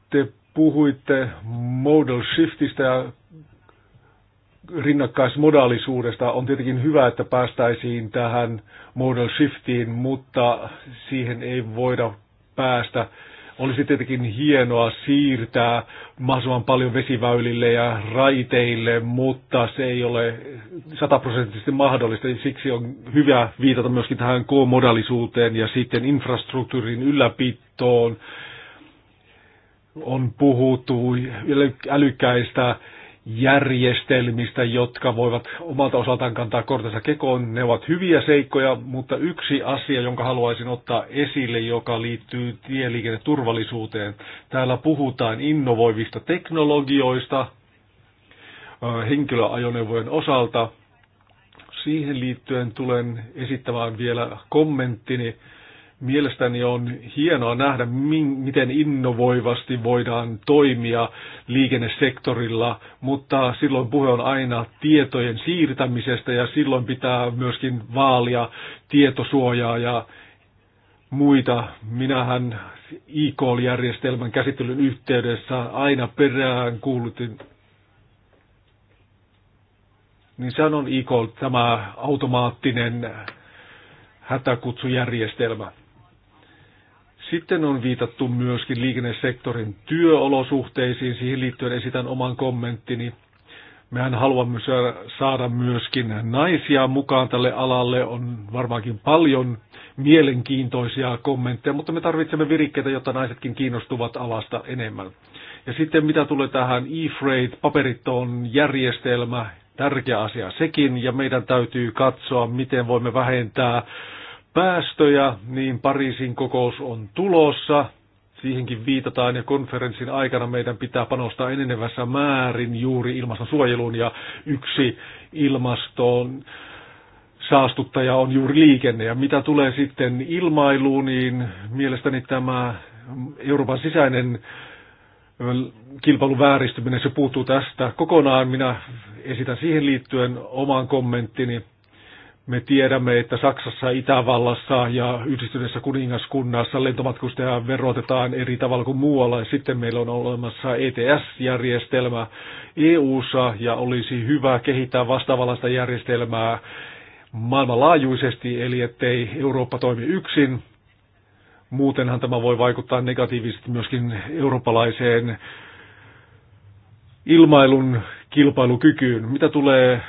[SPEAKER 3] Te puhuitte modal shiftistä ja rinnakkaismodaalisuudesta. On tietenkin hyvä, että päästäisiin tähän modal shiftiin, mutta siihen ei voida päästä olisi tietenkin hienoa siirtää mahdollisimman paljon vesiväylille ja raiteille, mutta se ei ole sataprosenttisesti mahdollista. Siksi on hyvä viitata myöskin tähän K-modallisuuteen ja sitten infrastruktuurin ylläpitoon. On puhuttu älykkäistä järjestelmistä, jotka voivat omalta osaltaan kantaa kortensa kekoon. Ne ovat hyviä seikkoja, mutta yksi asia, jonka haluaisin ottaa esille, joka liittyy tieliikenneturvallisuuteen. Täällä puhutaan innovoivista teknologioista henkilöajoneuvojen osalta. Siihen liittyen tulen esittämään vielä kommenttini Mielestäni on hienoa nähdä, miten innovoivasti voidaan toimia liikennesektorilla, mutta silloin puhe on aina tietojen siirtämisestä ja silloin pitää myöskin vaalia tietosuojaa ja muita. Minähän e järjestelmän käsittelyn yhteydessä aina perään kuulutin niin sehän on e tämä automaattinen hätäkutsujärjestelmä. Sitten on viitattu myöskin liikennesektorin työolosuhteisiin. Siihen liittyen esitän oman kommenttini. Mehän haluamme saada myöskin naisia mukaan tälle alalle. On varmaankin paljon mielenkiintoisia kommentteja, mutta me tarvitsemme virikkeitä, jotta naisetkin kiinnostuvat alasta enemmän. Ja sitten mitä tulee tähän e-freight, paperiton järjestelmä, tärkeä asia sekin, ja meidän täytyy katsoa, miten voimme vähentää päästöjä, niin Pariisin kokous on tulossa. Siihenkin viitataan ja konferenssin aikana meidän pitää panostaa enenevässä määrin juuri ilmastonsuojeluun ja yksi ilmaston saastuttaja on juuri liikenne. Ja mitä tulee sitten ilmailuun, niin mielestäni tämä Euroopan sisäinen kilpailun vääristyminen, se puuttuu tästä kokonaan. Minä esitän siihen liittyen oman kommenttini. Me tiedämme, että Saksassa, Itävallassa ja yhdistyneessä kuningaskunnassa lentomatkustajaa verotetaan eri tavalla kuin muualla. Sitten meillä on olemassa ETS-järjestelmä EU-ssa ja olisi hyvä kehittää vastaavallaista järjestelmää maailmanlaajuisesti, eli ettei Eurooppa toimi yksin. Muutenhan tämä voi vaikuttaa negatiivisesti myöskin eurooppalaiseen ilmailun kilpailukykyyn. Mitä tulee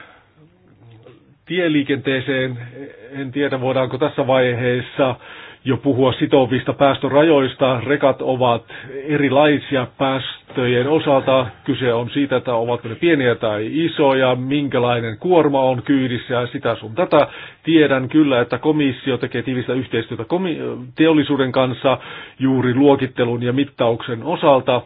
[SPEAKER 3] tieliikenteeseen. En tiedä, voidaanko tässä vaiheessa jo puhua sitovista päästörajoista. Rekat ovat erilaisia päästöjen osalta. Kyse on siitä, että ovatko ne pieniä tai isoja, minkälainen kuorma on kyydissä ja sitä sun tätä. Tiedän kyllä, että komissio tekee tiivistä yhteistyötä teollisuuden kanssa juuri luokittelun ja mittauksen osalta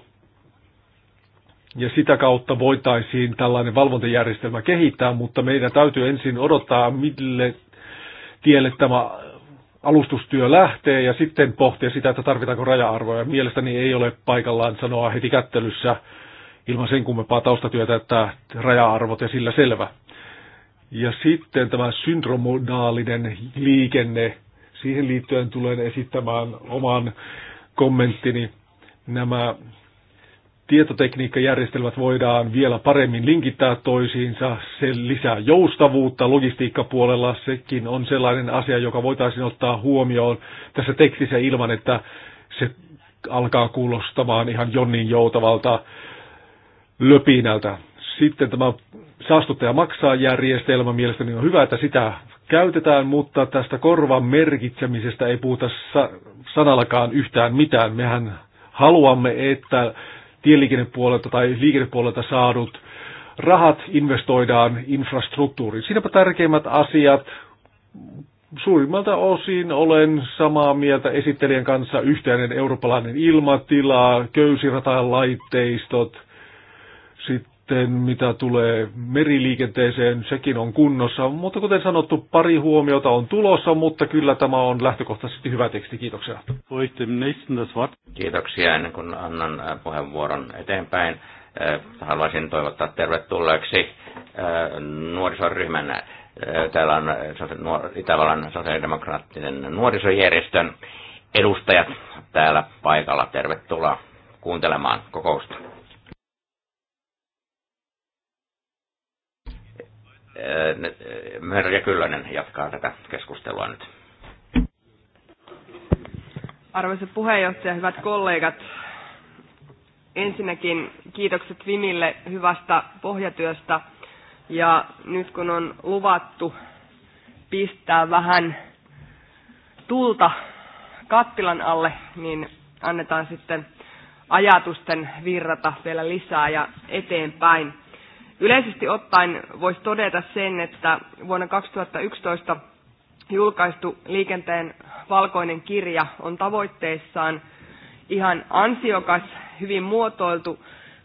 [SPEAKER 3] ja sitä kautta voitaisiin tällainen valvontajärjestelmä kehittää, mutta meidän täytyy ensin odottaa, mille tielle tämä alustustyö lähtee ja sitten pohtia sitä, että tarvitaanko raja-arvoja. Mielestäni ei ole paikallaan sanoa heti kättelyssä ilman sen kummempaa taustatyötä, että raja-arvot ja sillä selvä. Ja sitten tämä syndromodaalinen liikenne, siihen liittyen tulen esittämään oman kommenttini. Nämä tietotekniikkajärjestelmät voidaan vielä paremmin linkittää toisiinsa. Se lisää joustavuutta logistiikkapuolella. Sekin on sellainen asia, joka voitaisiin ottaa huomioon tässä tekstissä ilman, että se alkaa kuulostamaan ihan jonnin joutavalta löpinältä. Sitten tämä saastuttaja maksaa järjestelmä mielestäni on hyvä, että sitä käytetään, mutta tästä korvan merkitsemisestä ei puhuta sanallakaan yhtään mitään. Mehän haluamme, että tieliikennepuolelta tai liikennepuolelta saadut rahat investoidaan infrastruktuuriin. Siinäpä tärkeimmät asiat. Suurimmalta osin olen samaa mieltä esittelijän kanssa yhteinen eurooppalainen ilmatila, köysiratan laitteistot, sitten mitä tulee meriliikenteeseen, sekin on kunnossa. Mutta kuten sanottu, pari huomiota on tulossa, mutta kyllä tämä on lähtökohtaisesti hyvä teksti. Kiitoksia.
[SPEAKER 6] Kiitoksia ennen kuin annan äh, puheenvuoron eteenpäin. Äh, haluaisin toivottaa tervetulleeksi äh, nuorisoryhmän. Täällä on Itävallan sosiaalidemokraattinen nuorisojärjestön edustajat täällä paikalla. Tervetuloa kuuntelemaan kokousta. Äh, äh, Merja Kyllönen jatkaa tätä keskustelua nyt.
[SPEAKER 5] Arvoisa puheenjohtaja, hyvät kollegat. Ensinnäkin kiitokset Vimille hyvästä pohjatyöstä. Ja nyt kun on luvattu pistää vähän tulta kattilan alle, niin annetaan sitten ajatusten virrata vielä lisää ja eteenpäin. Yleisesti ottaen voisi todeta sen, että vuonna 2011 julkaistu liikenteen valkoinen kirja on tavoitteissaan ihan ansiokas, hyvin muotoiltu,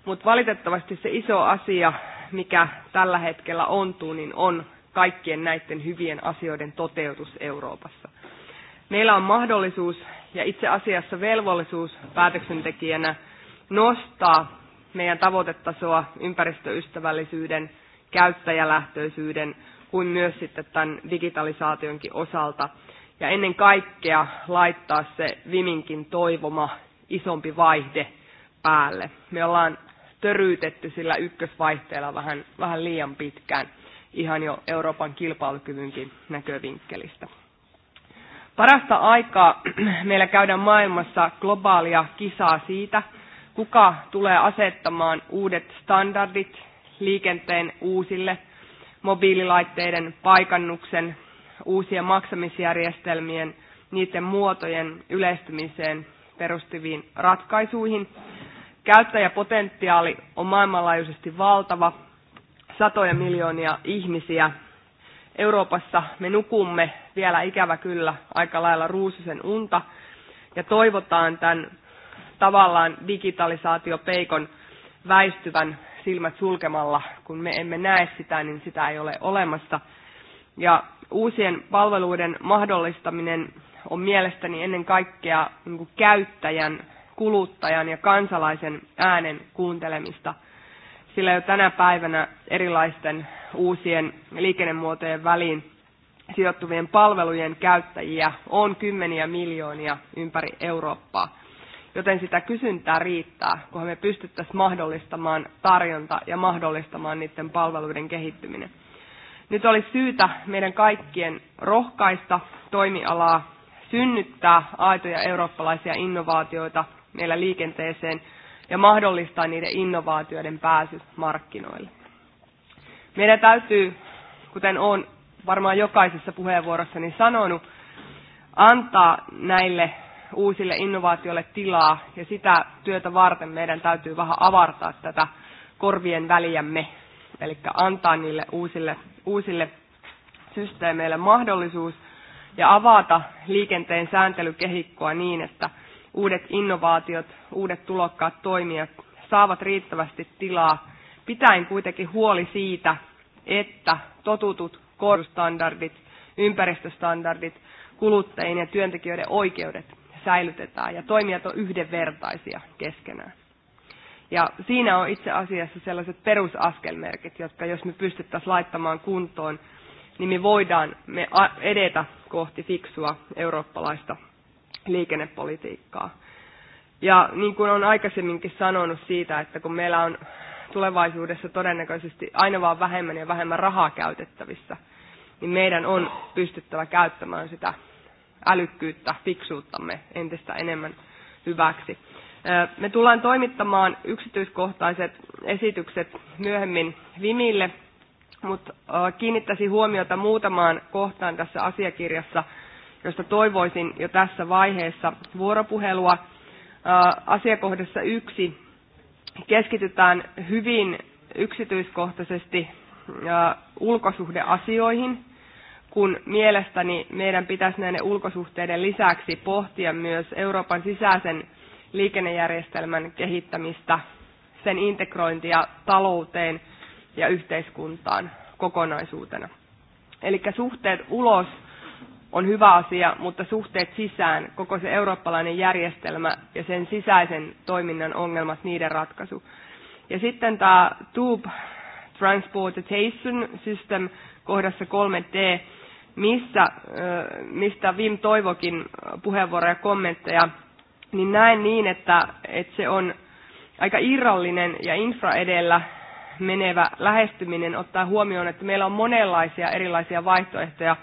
[SPEAKER 5] mutta valitettavasti se iso asia, mikä tällä hetkellä ontuu, niin on kaikkien näiden hyvien asioiden toteutus Euroopassa. Meillä on mahdollisuus ja itse asiassa velvollisuus päätöksentekijänä nostaa meidän tavoitetasoa ympäristöystävällisyyden, käyttäjälähtöisyyden kuin myös sitten tämän digitalisaationkin osalta. Ja ennen kaikkea laittaa se Viminkin toivoma isompi vaihde päälle. Me ollaan töryytetty sillä ykkösvaihteella vähän, vähän liian pitkään ihan jo Euroopan kilpailukyvynkin näkövinkkelistä. Parasta aikaa meillä käydään maailmassa globaalia kisaa siitä, kuka tulee asettamaan uudet standardit liikenteen uusille mobiililaitteiden paikannuksen, uusien maksamisjärjestelmien, niiden muotojen yleistymiseen perustuviin ratkaisuihin. Käyttäjäpotentiaali on maailmanlaajuisesti valtava, satoja miljoonia ihmisiä. Euroopassa me nukumme vielä ikävä kyllä aika lailla ruususen unta ja toivotaan tämän tavallaan digitalisaatiopeikon väistyvän silmät sulkemalla, kun me emme näe sitä, niin sitä ei ole olemassa. Ja uusien palveluiden mahdollistaminen on mielestäni ennen kaikkea niin kuin käyttäjän, kuluttajan ja kansalaisen äänen kuuntelemista, sillä jo tänä päivänä erilaisten uusien liikennemuotojen väliin sijoittuvien palvelujen käyttäjiä on kymmeniä miljoonia ympäri Eurooppaa joten sitä kysyntää riittää, kunhan me pystyttäisiin mahdollistamaan tarjonta ja mahdollistamaan niiden palveluiden kehittyminen. Nyt olisi syytä meidän kaikkien rohkaista toimialaa synnyttää aitoja eurooppalaisia innovaatioita meillä liikenteeseen ja mahdollistaa niiden innovaatioiden pääsy markkinoille. Meidän täytyy, kuten olen varmaan jokaisessa puheenvuorossani sanonut, antaa näille uusille innovaatioille tilaa, ja sitä työtä varten meidän täytyy vähän avartaa tätä korvien väliämme, eli antaa niille uusille, uusille systeemeille mahdollisuus ja avata liikenteen sääntelykehikkoa niin, että uudet innovaatiot, uudet tulokkaat toimijat saavat riittävästi tilaa, pitäen kuitenkin huoli siitä, että totutut korustandardit, ympäristöstandardit, kuluttajien ja työntekijöiden oikeudet säilytetään ja toimijat on yhdenvertaisia keskenään. Ja siinä on itse asiassa sellaiset perusaskelmerkit, jotka jos me pystyttäisiin laittamaan kuntoon, niin me voidaan me edetä kohti fiksua eurooppalaista liikennepolitiikkaa. Ja niin kuin olen aikaisemminkin sanonut siitä, että kun meillä on tulevaisuudessa todennäköisesti aina vaan vähemmän ja vähemmän rahaa käytettävissä, niin meidän on pystyttävä käyttämään sitä älykkyyttä, fiksuuttamme entistä enemmän hyväksi. Me tullaan toimittamaan yksityiskohtaiset esitykset myöhemmin Vimille, mutta kiinnittäisin huomiota muutamaan kohtaan tässä asiakirjassa, josta toivoisin jo tässä vaiheessa vuoropuhelua. Asiakohdassa yksi keskitytään hyvin yksityiskohtaisesti ulkosuhdeasioihin kun mielestäni meidän pitäisi näiden ulkosuhteiden lisäksi pohtia myös Euroopan sisäisen liikennejärjestelmän kehittämistä, sen integrointia talouteen ja yhteiskuntaan kokonaisuutena. Eli suhteet ulos on hyvä asia, mutta suhteet sisään, koko se eurooppalainen järjestelmä ja sen sisäisen toiminnan ongelmat, niiden ratkaisu. Ja sitten tämä Tube Transportation System kohdassa 3D, missä, mistä Vim toivokin puheenvuoroja ja kommentteja, niin näen niin, että, että se on aika irrallinen ja infra edellä menevä lähestyminen ottaa huomioon, että meillä on monenlaisia erilaisia vaihtoehtoja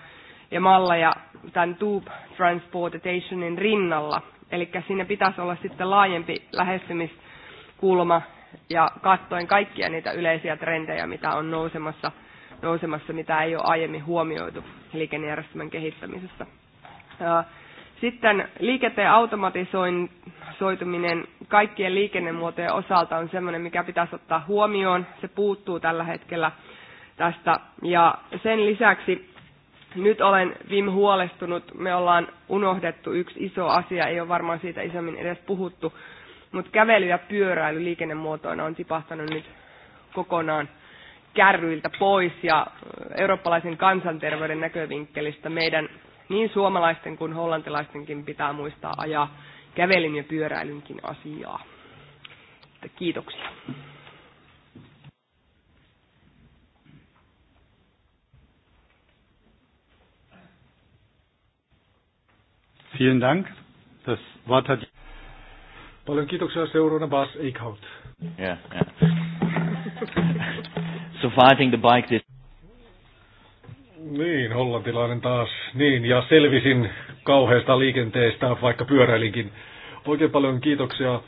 [SPEAKER 5] ja malleja tämän tube transportationin rinnalla. Eli siinä pitäisi olla sitten laajempi lähestymiskulma ja katsoen kaikkia niitä yleisiä trendejä, mitä on nousemassa – nousemassa, mitä ei ole aiemmin huomioitu liikennejärjestelmän kehittämisessä. Sitten liikenteen automatisoituminen kaikkien liikennemuotojen osalta on sellainen, mikä pitäisi ottaa huomioon. Se puuttuu tällä hetkellä tästä. Ja sen lisäksi nyt olen viime huolestunut, me ollaan unohdettu yksi iso asia, ei ole varmaan siitä isommin edes puhuttu, mutta kävely ja pyöräily liikennemuotoina on tipahtanut nyt kokonaan kärryiltä pois ja eurooppalaisen kansanterveyden näkövinkkelistä meidän niin suomalaisten kuin hollantilaistenkin pitää muistaa ajaa kävelyn ja pyöräilynkin asiaa. Että kiitoksia.
[SPEAKER 2] Vielen Dank. Das Wort hat...
[SPEAKER 3] Paljon kiitoksia seuraavana Bas Eickhout. Yeah, yeah. surviving the bike this. Niin, hollantilainen taas. Niin, ja selvisin kauheasta liikenteestä, vaikka pyöräilinkin. Oikein paljon kiitoksia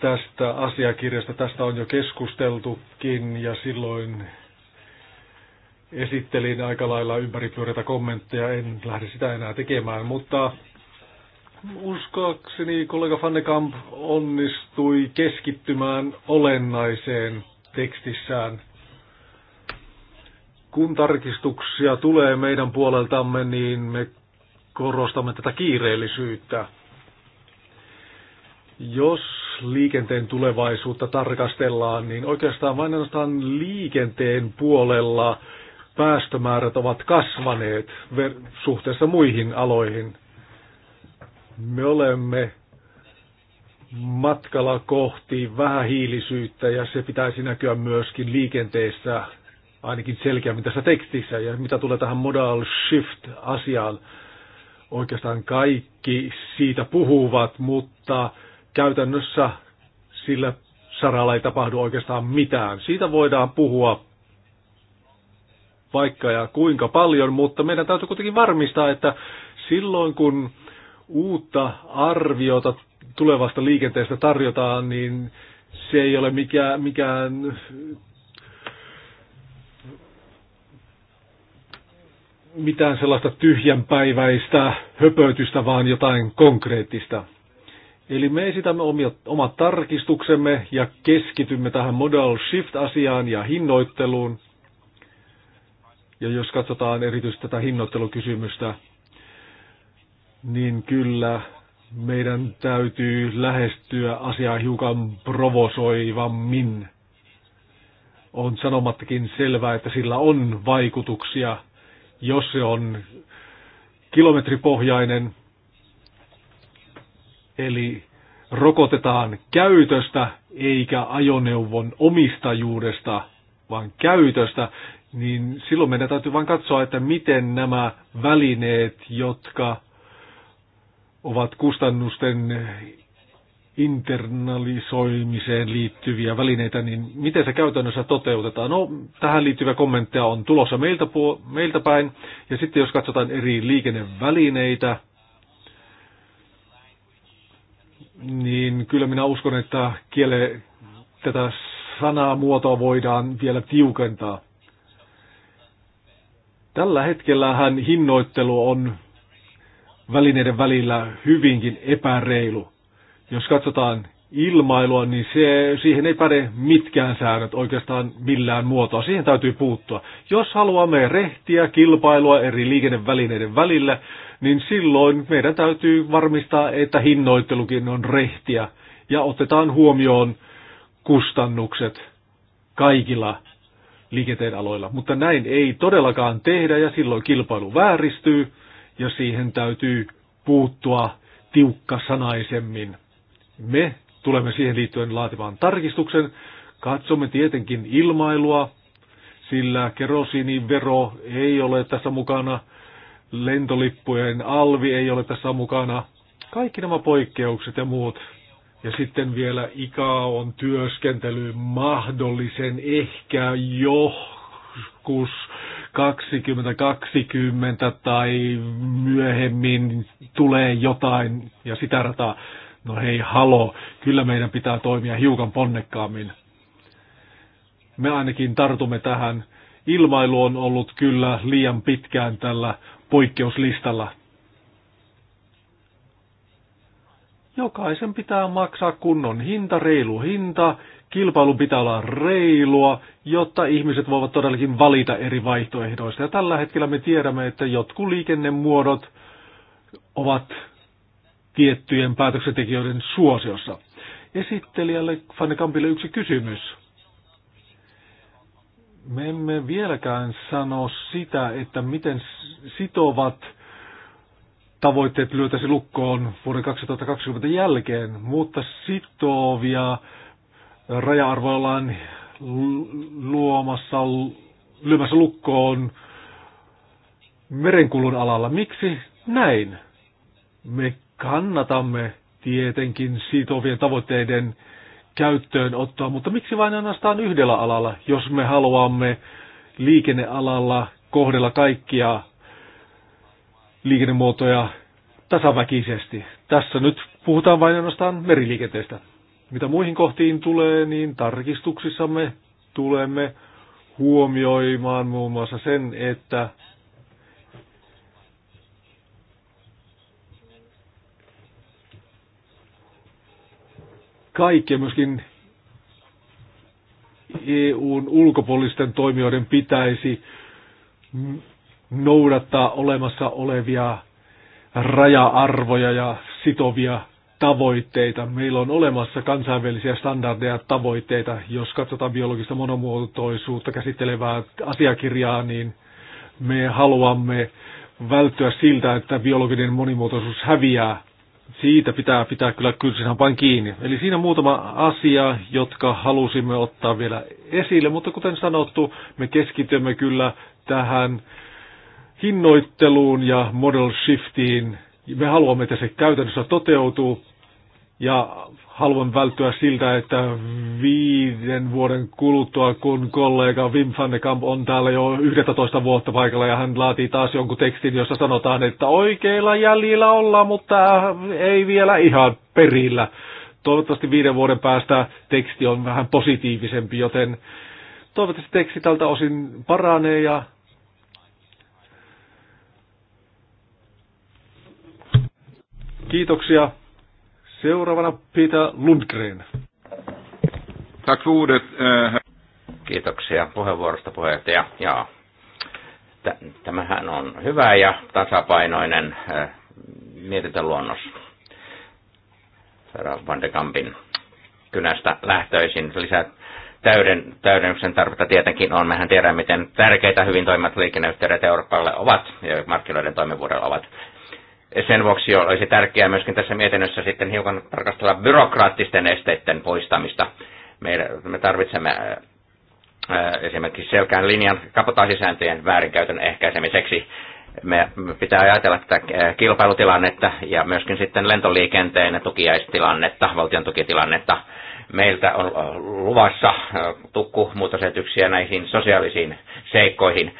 [SPEAKER 3] tästä asiakirjasta. Tästä on jo keskusteltukin ja silloin esittelin aika lailla ympäripyöreitä kommentteja. En lähde sitä enää tekemään, mutta uskoakseni kollega Fannekamp onnistui keskittymään olennaiseen tekstissään – kun tarkistuksia tulee meidän puoleltamme, niin me korostamme tätä kiireellisyyttä. Jos liikenteen tulevaisuutta tarkastellaan, niin oikeastaan vain ainoastaan liikenteen puolella päästömäärät ovat kasvaneet suhteessa muihin aloihin. Me olemme matkalla kohti vähähiilisyyttä ja se pitäisi näkyä myöskin liikenteessä ainakin selkeämmin tässä tekstissä. Ja mitä tulee tähän modal shift-asiaan, oikeastaan kaikki siitä puhuvat, mutta käytännössä sillä saralla ei tapahdu oikeastaan mitään. Siitä voidaan puhua vaikka ja kuinka paljon, mutta meidän täytyy kuitenkin varmistaa, että silloin kun uutta arviota tulevasta liikenteestä tarjotaan, niin se ei ole mikään, mikään mitään sellaista tyhjänpäiväistä höpötystä, vaan jotain konkreettista. Eli me esitämme omia, omat tarkistuksemme ja keskitymme tähän modal shift-asiaan ja hinnoitteluun. Ja jos katsotaan erityisesti tätä hinnoittelukysymystä, niin kyllä meidän täytyy lähestyä asiaa hiukan provosoivammin. On sanomattakin selvää, että sillä on vaikutuksia – jos se on kilometripohjainen, eli rokotetaan käytöstä eikä ajoneuvon omistajuudesta, vaan käytöstä, niin silloin meidän täytyy vain katsoa, että miten nämä välineet, jotka ovat kustannusten internalisoimiseen liittyviä välineitä, niin miten se käytännössä toteutetaan? No, tähän liittyviä kommentteja on tulossa meiltä, puo- meiltä päin. Ja sitten jos katsotaan eri liikennevälineitä, niin kyllä minä uskon, että kiele, tätä sanamuotoa voidaan vielä tiukentaa. Tällä hetkellähän hinnoittelu on välineiden välillä hyvinkin epäreilu. Jos katsotaan ilmailua, niin se, siihen ei päde mitkään säännöt oikeastaan millään muotoa. Siihen täytyy puuttua. Jos haluamme rehtiä kilpailua eri liikennevälineiden välillä, niin silloin meidän täytyy varmistaa, että hinnoittelukin on rehtiä ja otetaan huomioon kustannukset kaikilla liikenteen aloilla. Mutta näin ei todellakaan tehdä ja silloin kilpailu vääristyy ja siihen täytyy puuttua tiukkasanaisemmin. Me tulemme siihen liittyen laatimaan tarkistuksen. Katsomme tietenkin ilmailua, sillä kerosiinivero ei ole tässä mukana, lentolippujen alvi ei ole tässä mukana, kaikki nämä poikkeukset ja muut. Ja sitten vielä ikä on työskentely mahdollisen ehkä joskus 2020 tai myöhemmin tulee jotain ja sitä rataa. No hei, halo, kyllä meidän pitää toimia hiukan ponnekkaammin. Me ainakin tartumme tähän. Ilmailu on ollut kyllä liian pitkään tällä poikkeuslistalla. Jokaisen pitää maksaa kunnon hinta, reilu hinta, kilpailun pitää olla reilua, jotta ihmiset voivat todellakin valita eri vaihtoehdoista. Ja tällä hetkellä me tiedämme, että jotkut liikennemuodot ovat tiettyjen päätöksentekijöiden suosiossa. Esittelijälle Fanny Kampille yksi kysymys. Me emme vieläkään sano sitä, että miten sitovat tavoitteet lyötäisi lukkoon vuoden 2020 jälkeen, mutta sitovia raja-arvoja ollaan luomassa, lyömässä lukkoon merenkulun alalla. Miksi näin? Me kannatamme tietenkin sitovien tavoitteiden käyttöönottoa, mutta miksi vain ainoastaan yhdellä alalla, jos me haluamme liikennealalla kohdella kaikkia liikennemuotoja tasaväkisesti. Tässä nyt puhutaan vain ainoastaan meriliikenteestä. Mitä muihin kohtiin tulee, niin tarkistuksissamme tulemme huomioimaan muun muassa sen, että kaikkea myöskin EUn ulkopuolisten toimijoiden pitäisi noudattaa olemassa olevia raja-arvoja ja sitovia tavoitteita. Meillä on olemassa kansainvälisiä standardeja tavoitteita. Jos katsotaan biologista monomuotoisuutta käsittelevää asiakirjaa, niin me haluamme välttyä siltä, että biologinen monimuotoisuus häviää. Siitä pitää pitää kyllä vain kiinni. Eli siinä muutama asia, jotka halusimme ottaa vielä esille, mutta kuten sanottu, me keskitymme kyllä tähän hinnoitteluun ja model shiftiin. Me haluamme, että se käytännössä toteutuu. Ja haluan välttyä siltä, että viiden vuoden kuluttua, kun kollega Wim van de Kamp on täällä jo 11 vuotta paikalla ja hän laatii taas jonkun tekstin, jossa sanotaan, että oikeilla jäljillä ollaan, mutta ei vielä ihan perillä. Toivottavasti viiden vuoden päästä teksti on vähän positiivisempi, joten toivottavasti teksti tältä osin paranee ja Kiitoksia Seuraavana Peter Lundgren.
[SPEAKER 6] Tack för ordet. Eh, Kiitoksia puheenvuorosta puheenjohtaja. Ja, tämähän on hyvä ja tasapainoinen eh, mietintöluonnos. Sarah Van de Kampin kynästä lähtöisin. Lisää täyden, täydennyksen tarvetta tietenkin on. Mehän tiedämme, miten tärkeitä hyvin toimivat liikenneyhteydet Euroopalle ovat ja markkinoiden toimivuudelle ovat sen vuoksi olisi tärkeää myöskin tässä mietinnössä sitten hiukan tarkastella byrokraattisten esteiden poistamista. Me tarvitsemme esimerkiksi selkään linjan kapotaasisääntöjen väärinkäytön ehkäisemiseksi. Me pitää ajatella tätä kilpailutilannetta ja myöskin sitten lentoliikenteen tukiaistilannetta, valtion tukitilannetta. Meiltä on luvassa tukku muutosetyksiä näihin sosiaalisiin seikkoihin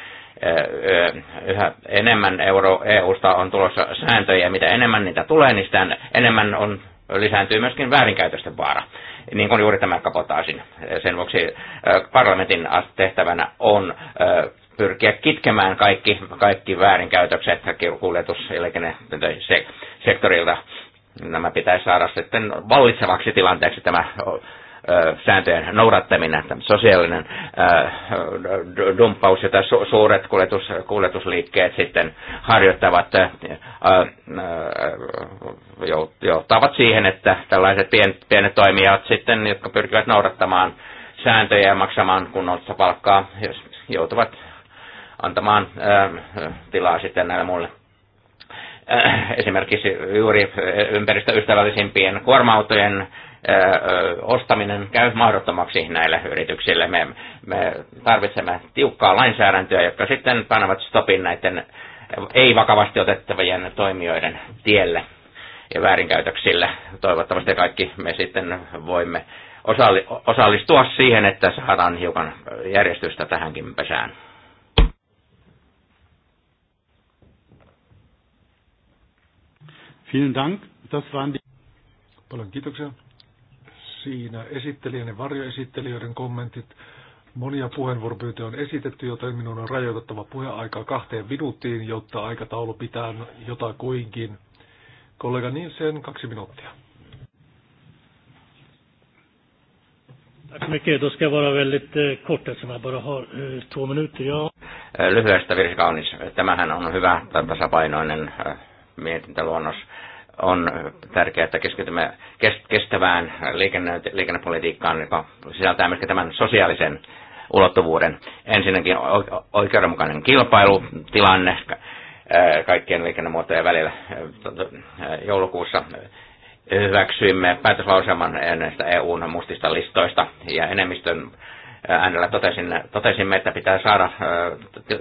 [SPEAKER 6] yhä enemmän euro EUsta on tulossa sääntöjä, mitä enemmän niitä tulee, niin sitä enemmän on lisääntyy myöskin väärinkäytösten vaara, niin kuin juuri tämä kapotaasin. Sen vuoksi parlamentin tehtävänä on pyrkiä kitkemään kaikki, kaikki väärinkäytökset kuljetus- ja sektorilta. Nämä pitäisi saada sitten vallitsevaksi tilanteeksi tämä sääntöjen noudattaminen, sosiaalinen dumppaus, jota suuret kuljetus, kuljetusliikkeet sitten harjoittavat, johtavat siihen, että tällaiset pienet, pienet toimijat sitten, jotka pyrkivät noudattamaan sääntöjä ja maksamaan kunnollista palkkaa, jos joutuvat antamaan tilaa sitten näille muille esimerkiksi juuri ympäristöystävällisimpien kuorma-autojen ostaminen käy mahdottomaksi näille yrityksille. Me, me tarvitsemme tiukkaa lainsäädäntöä, jotka sitten panevat stopin näiden ei-vakavasti otettavien toimijoiden tielle ja väärinkäytöksille. Toivottavasti kaikki me sitten voimme osallistua siihen, että saadaan hiukan järjestystä tähänkin pesään.
[SPEAKER 2] Vielen Dank.
[SPEAKER 3] Das waren die Paljon kiitoksia siinä esittelijän ja varjoesittelijöiden kommentit. Monia puheenvuoropyyntöjä on esitetty, joten minun on rajoitettava puheaikaa kahteen minuuttiin, jotta aikataulu pitää jotakuinkin. Kollega Nielsen, kaksi minuuttia. Tack så mycket. Då ska jag vara väldigt eh, kort eftersom jag bara har eh,
[SPEAKER 2] två minuter. Ja.
[SPEAKER 6] Eh, lyhyestä virka tämähän on hyvä tasapainoinen mietintöluonnos on tärkeää, että keskitymme kestävään liikenne, liikennepolitiikkaan, joka sisältää myöskin tämän sosiaalisen ulottuvuuden. Ensinnäkin oikeudenmukainen kilpailutilanne äh, kaikkien liikennemuotojen välillä. Äh, joulukuussa hyväksyimme päätöslauselman näistä EUn mustista listoista ja enemmistön äh, äänellä totesin, totesimme, että pitää saada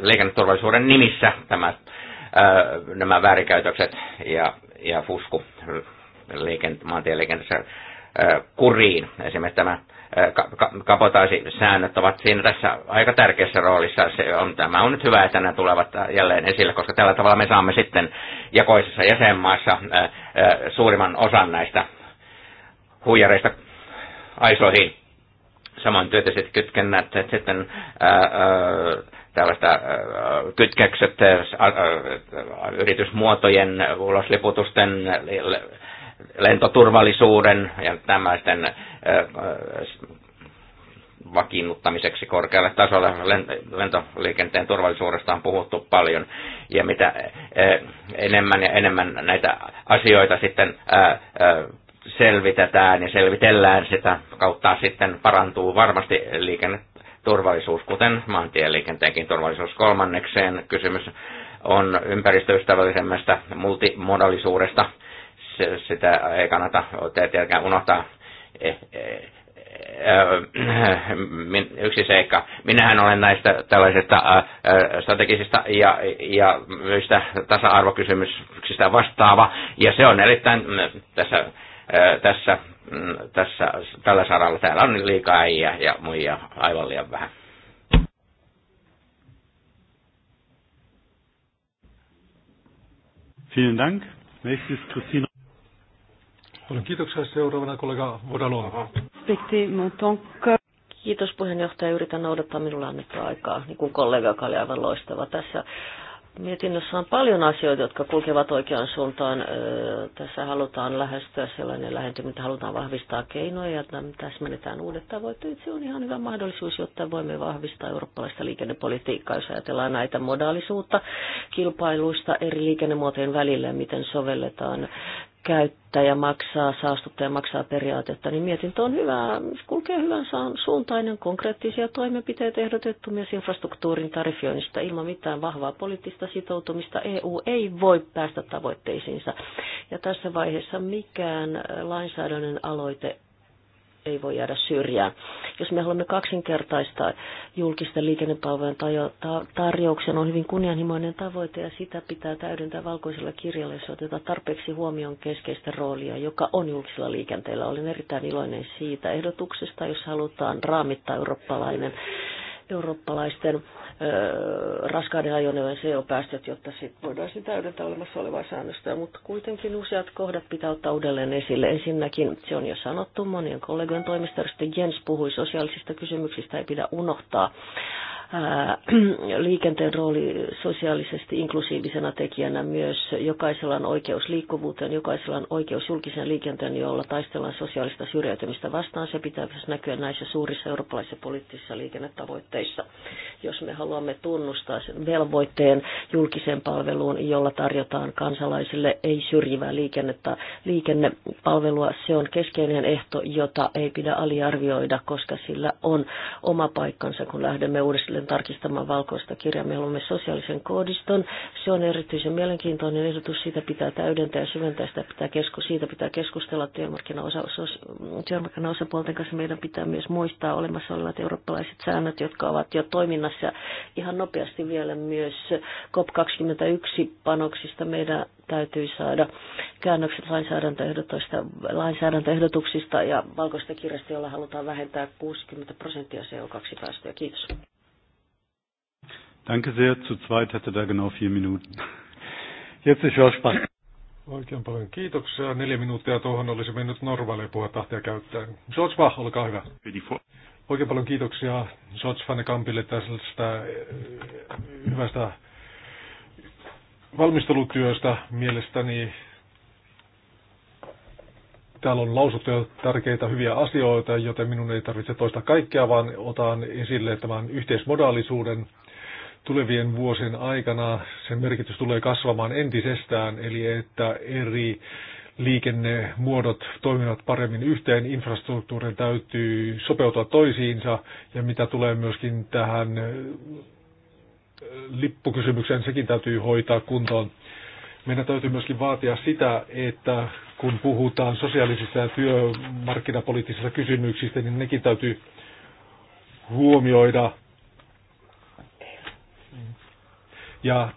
[SPEAKER 6] liikenneturvallisuuden nimissä tämä nämä väärinkäytökset ja ja fusku maantieliikenteessä kuriin. Esimerkiksi tämä kapotaasisäännöt ovat siinä tässä aika tärkeässä roolissa. Se on, tämä on nyt hyvä, että nämä tulevat jälleen esille, koska tällä tavalla me saamme sitten jakoisessa jäsenmaassa suurimman osan näistä huijareista aisoihin. Samoin työtäiset kytkennät sitten ää, ää, tällaista äh, kytkökset äh, äh, yritysmuotojen ulosliputusten lentoturvallisuuden ja tämmöisten vakiinnuttamiseksi korkealle tasolle. Lentoliikenteen turvallisuudesta on puhuttu paljon ja mitä enemmän ja enemmän näitä asioita sitten selvitetään ja selvitellään sitä kautta sitten parantuu varmasti liikenne, turvallisuus, kuten maantieliikenteenkin turvallisuus. Kolmannekseen kysymys on ympäristöystävällisemmästä multimodallisuudesta. Sitä ei kannata tietenkään unohtaa eh, eh, eh, yksi seikka. Minähän olen näistä tällaisista strategisista ja, ja myistä tasa-arvokysymyksistä vastaava, ja se on erittäin mm, tässä tässä, mm, tässä, tällä saralla. Täällä on liikaa äijä ja muija aivan liian vähän.
[SPEAKER 2] Vielen Dank.
[SPEAKER 3] Olen kiitoksia seuraavana kollega Vodalova.
[SPEAKER 4] Kiitos puheenjohtaja. Yritän noudattaa minulla annettua aikaa, niin kuin kollega, joka oli aivan loistava tässä Mietinnössä on paljon asioita, jotka kulkevat oikeaan suuntaan. Tässä halutaan lähestyä sellainen lähentyminen, mitä halutaan vahvistaa keinoja ja täsmennetään uudet tavoitteet. Se on ihan hyvä mahdollisuus, jotta voimme vahvistaa eurooppalaista liikennepolitiikkaa, jos ajatellaan näitä modaalisuutta kilpailuista eri liikennemuotojen välillä, miten sovelletaan käyttäjä maksaa, saastuttaja maksaa periaatetta, niin mietintö on hyvä, kulkee hyvän suuntainen, konkreettisia toimenpiteitä ehdotettu myös infrastruktuurin tarifioinnista ilman mitään vahvaa poliittista sitoutumista. EU ei voi päästä tavoitteisiinsa. Ja tässä vaiheessa mikään lainsäädännön aloite ei voi jäädä syrjään. Jos me haluamme kaksinkertaista julkisten liikennepalvelujen tarjouksen, on hyvin kunnianhimoinen tavoite ja sitä pitää täydentää valkoisella kirjalla, jos otetaan tarpeeksi huomioon keskeistä roolia, joka on julkisella liikenteellä. Olen erittäin iloinen siitä ehdotuksesta, jos halutaan raamittaa eurooppalainen eurooppalaisten raskaiden ajoneuvojen CO-päästöt, jotta sit voidaan sitä täydentää olemassa olevaa säännöstä, mutta kuitenkin useat kohdat pitää ottaa uudelleen esille. Ensinnäkin se on jo sanottu monien kollegojen toimesta, Jens puhui sosiaalisista kysymyksistä, ei pidä unohtaa liikenteen rooli sosiaalisesti inklusiivisena tekijänä myös. Jokaisella on oikeus liikkuvuuteen, jokaisella on oikeus julkisen liikenteen, jolla taistellaan sosiaalista syrjäytymistä vastaan. Se pitää myös näkyä näissä suurissa eurooppalaisissa poliittisissa liikennetavoitteissa. Jos me haluamme tunnustaa sen velvoitteen julkiseen palveluun, jolla tarjotaan kansalaisille ei syrjivää liikennettä, liikennepalvelua, se on keskeinen ehto, jota ei pidä aliarvioida, koska sillä on oma paikkansa, kun lähdemme uudelle tulen tarkistamaan valkoista kirjaa. Me haluamme sosiaalisen koodiston. Se on erityisen mielenkiintoinen ehdotus. Siitä pitää täydentää ja syventää. Sitä pitää kesku, siitä pitää keskustella työmarkkinaosapuolten kanssa. Meidän pitää myös muistaa olemassa olevat eurooppalaiset säännöt, jotka ovat jo toiminnassa. Ihan nopeasti vielä myös COP21 panoksista meidän täytyy saada käännökset lainsäädäntöehdotuksista, lainsäädäntöehdotuksista ja valkoista kirjasta, jolla halutaan vähentää 60 prosenttia CO2-päästöjä. Kiitos.
[SPEAKER 2] Danke sehr. Zu zweit hätte da genau vier Minuten. Jetzt ist Josh Bach.
[SPEAKER 3] Oikein paljon kiitoksia. Neljä minuuttia tuohon olisi mennyt normaalia puhetahtia käyttäen. George Bach, olkaa hyvä. Oikein paljon kiitoksia George Van Kampille tästä eh, hyvästä valmistelutyöstä. Mielestäni täällä on lausuttu jo tärkeitä hyviä asioita, joten minun ei tarvitse toista kaikkea, vaan otan esille tämän yhteismodaalisuuden tulevien vuosien aikana sen merkitys tulee kasvamaan entisestään, eli että eri liikennemuodot toimivat paremmin yhteen, infrastruktuurin täytyy sopeutua toisiinsa ja mitä tulee myöskin tähän lippukysymykseen, sekin täytyy hoitaa kuntoon. Meidän täytyy myöskin vaatia sitä, että kun puhutaan sosiaalisista ja työmarkkinapoliittisista kysymyksistä, niin nekin täytyy huomioida – ja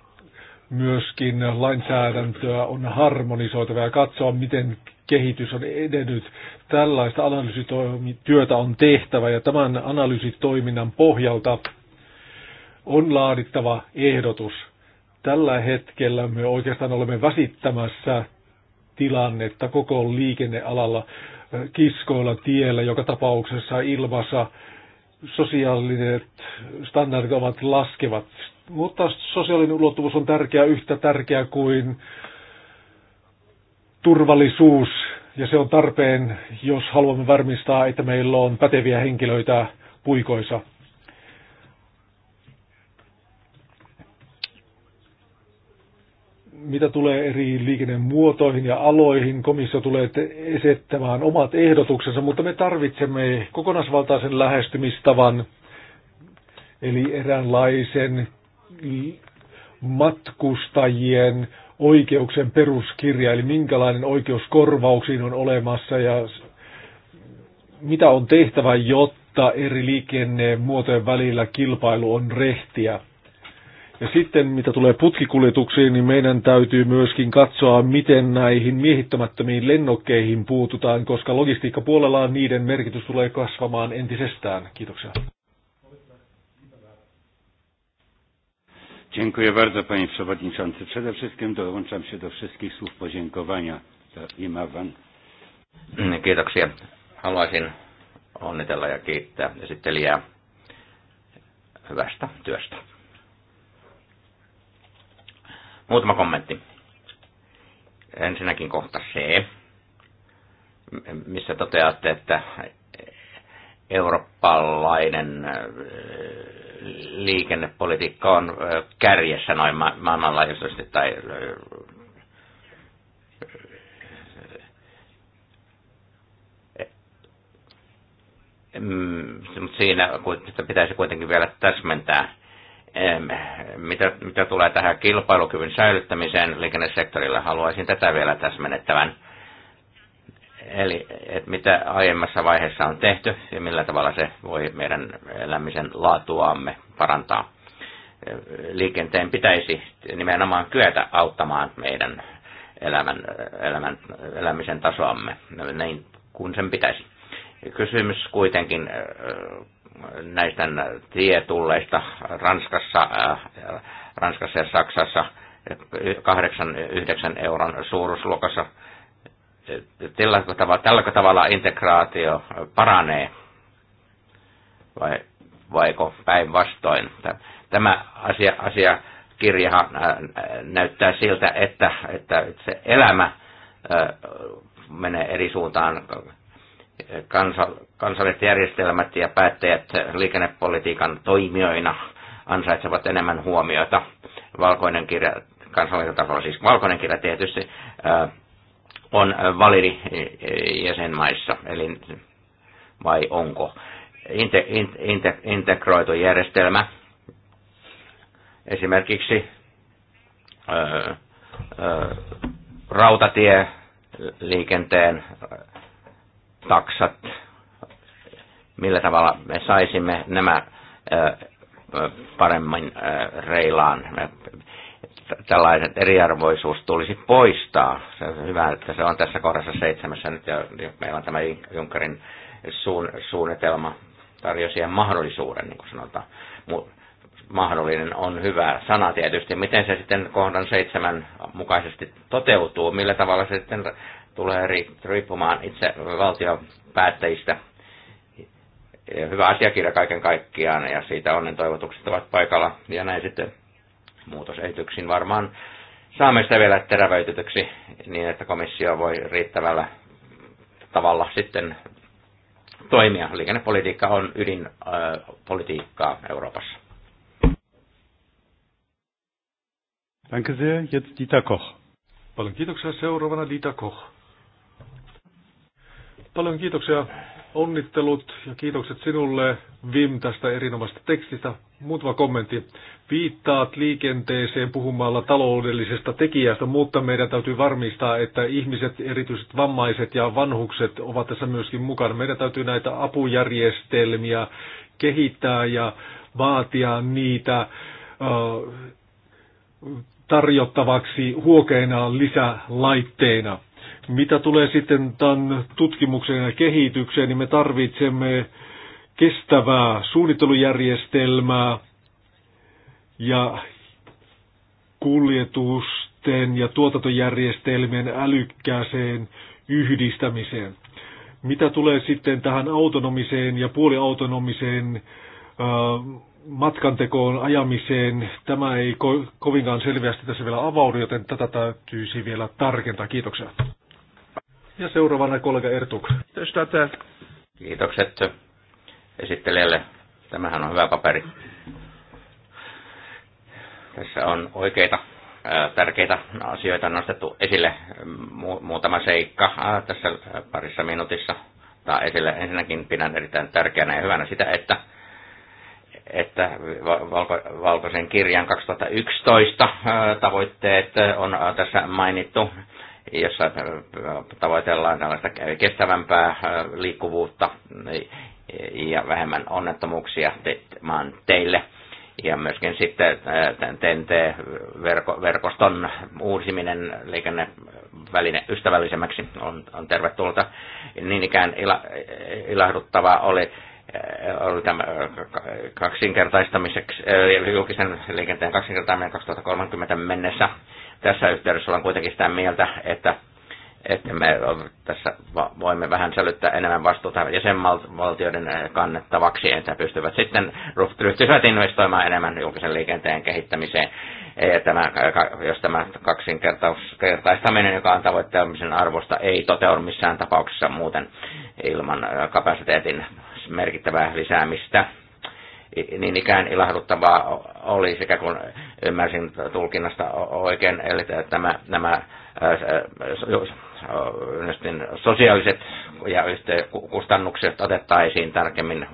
[SPEAKER 3] myöskin lainsäädäntöä on harmonisoitava ja katsoa, miten kehitys on edennyt. Tällaista analyysityötä on tehtävä ja tämän analyysitoiminnan pohjalta on laadittava ehdotus. Tällä hetkellä me oikeastaan olemme väsittämässä tilannetta koko liikennealalla kiskoilla tiellä, joka tapauksessa ilmassa sosiaaliset standardit ovat laskevat. Mutta sosiaalinen ulottuvuus on tärkeä yhtä tärkeä kuin turvallisuus, ja se on tarpeen, jos haluamme varmistaa, että meillä on päteviä henkilöitä puikoissa. mitä tulee eri liikennemuotoihin ja aloihin, komissio tulee esittämään omat ehdotuksensa, mutta me tarvitsemme kokonaisvaltaisen lähestymistavan, eli eräänlaisen matkustajien oikeuksien peruskirja, eli minkälainen oikeus korvauksiin on olemassa ja mitä on tehtävä, jotta eri liikennemuotojen välillä kilpailu on rehtiä. Ja sitten mitä tulee putkikuljetuksiin, niin meidän täytyy myöskin katsoa, miten näihin miehittämättömiin lennokkeihin puututaan, koska logistiikkapuolella niiden merkitys tulee kasvamaan entisestään. Kiitoksia.
[SPEAKER 2] Dziękuję bardzo panie przewodniczący. Przede wszystkim dołączam się do wszystkich słów podziękowania dla Imawan. Kiitoksia. Haluaisin
[SPEAKER 6] onnitella ja kiittää esittelijää hyvästä työstä. Muutama kommentti. Ensinnäkin kohta C, missä toteatte, että eurooppalainen äh, liikennepolitiikka on äh, kärjessä noin ma- maailmanlaajuisesti tai äh, mm, mutta siinä pitäisi kuitenkin vielä täsmentää mitä, mitä tulee tähän kilpailukyvyn säilyttämiseen liikennesektorilla, haluaisin tätä vielä täsmennettävän. Eli että mitä aiemmassa vaiheessa on tehty ja millä tavalla se voi meidän elämisen laatuamme parantaa. Liikenteen pitäisi nimenomaan kyetä auttamaan meidän elämän, elämän, elämisen tasoamme, niin kuin sen pitäisi. Kysymys kuitenkin näistä tietulleista Ranskassa, äh, Ranskassa ja Saksassa 8-9 euron suuruusluokassa. Tällä tavalla, tällä tavalla integraatio paranee vai vaiko päinvastoin. Tämä asia, asiakirja äh, näyttää siltä, että, että se elämä äh, menee eri suuntaan kansa, kansalliset järjestelmät ja päättäjät liikennepolitiikan toimijoina ansaitsevat enemmän huomiota. Valkoinen kirja, kansallisella tasolla siis valkoinen kirja tietysti, on validi e, jäsenmaissa, eli vai onko. Inte, inte, integroitu järjestelmä, esimerkiksi ö, ö, rautatieliikenteen taksat, millä tavalla me saisimme nämä paremmin reilaan. Tällaiset eriarvoisuus tulisi poistaa. Se on hyvä, että se on tässä kohdassa seitsemässä nyt ja meillä on tämä Junkerin suunnitelma tarjosi siihen mahdollisuuden, niin kuin sanotaan. Mahdollinen on hyvä sana tietysti. Miten se sitten kohdan seitsemän mukaisesti toteutuu, millä tavalla se sitten tulee riippumaan itse päättäjistä. Hyvä asiakirja kaiken kaikkiaan ja siitä onnen toivotukset ovat paikalla. Ja näin sitten muutosehityksiin varmaan saamme sitä vielä terävöitetyksi niin, että komissio voi riittävällä tavalla sitten toimia. Liikennepolitiikka on ydinpolitiikkaa Euroopassa.
[SPEAKER 2] Danke sehr. Jetzt Dieter Koch.
[SPEAKER 3] Paljon kiitoksia. Seuraavana Dieter Koch. Paljon kiitoksia, onnittelut ja kiitokset sinulle Vim tästä erinomaisesta tekstistä. Muutama kommentti. Viittaat liikenteeseen puhumalla taloudellisesta tekijästä, mutta meidän täytyy varmistaa, että ihmiset, erityisesti vammaiset ja vanhukset ovat tässä myöskin mukana. Meidän täytyy näitä apujärjestelmiä kehittää ja vaatia niitä tarjottavaksi huokeina lisälaitteina. Mitä tulee sitten tämän tutkimukseen ja kehitykseen, niin me tarvitsemme kestävää suunnittelujärjestelmää ja kuljetusten ja tuotantojärjestelmien älykkääseen yhdistämiseen. Mitä tulee sitten tähän autonomiseen ja puoliautonomiseen matkantekoon ajamiseen, tämä ei ko- kovinkaan selvästi tässä vielä avaudu, joten tätä täytyisi vielä tarkentaa. Kiitoksia. Ja seuraavana kollega Ertuk.
[SPEAKER 6] Kiitokset esittelijälle. Tämähän on hyvä paperi. Tässä on oikeita tärkeitä asioita nostettu esille. Muutama seikka tässä parissa minuutissa Tämä esille. Ensinnäkin pidän erittäin tärkeänä ja hyvänä sitä, että, että valko, valkoisen kirjan 2011 tavoitteet on tässä mainittu jossa äh, tavoitellaan tällaista kestävämpää äh, liikkuvuutta niin, ja vähemmän onnettomuuksia maan teille. Ja myöskin sitten äh, TNT-verkoston uusiminen liikenneväline ystävällisemmäksi on, on tervetullutta. Niin ikään ilahduttavaa oli, oli tämä kaksinkertaistamiseksi, julkisen liikenteen kaksinkertaistaminen 2030 mennessä tässä yhteydessä olen kuitenkin sitä mieltä, että, että me tässä voimme vähän sälyttää enemmän vastuuta jäsenvaltioiden kannettavaksi, että pystyvät sitten ryhtyvät investoimaan enemmän julkisen liikenteen kehittämiseen. E, tämä, jos tämä kaksinkertaistaminen, joka on tavoittelemisen arvosta, ei toteudu missään tapauksessa muuten ilman kapasiteetin merkittävää lisäämistä niin ikään ilahduttavaa oli, sekä kun ymmärsin tulkinnasta oikein, eli tämä, nämä äh, äh, sosiaaliset ja kustannukset otettaisiin tarkemmin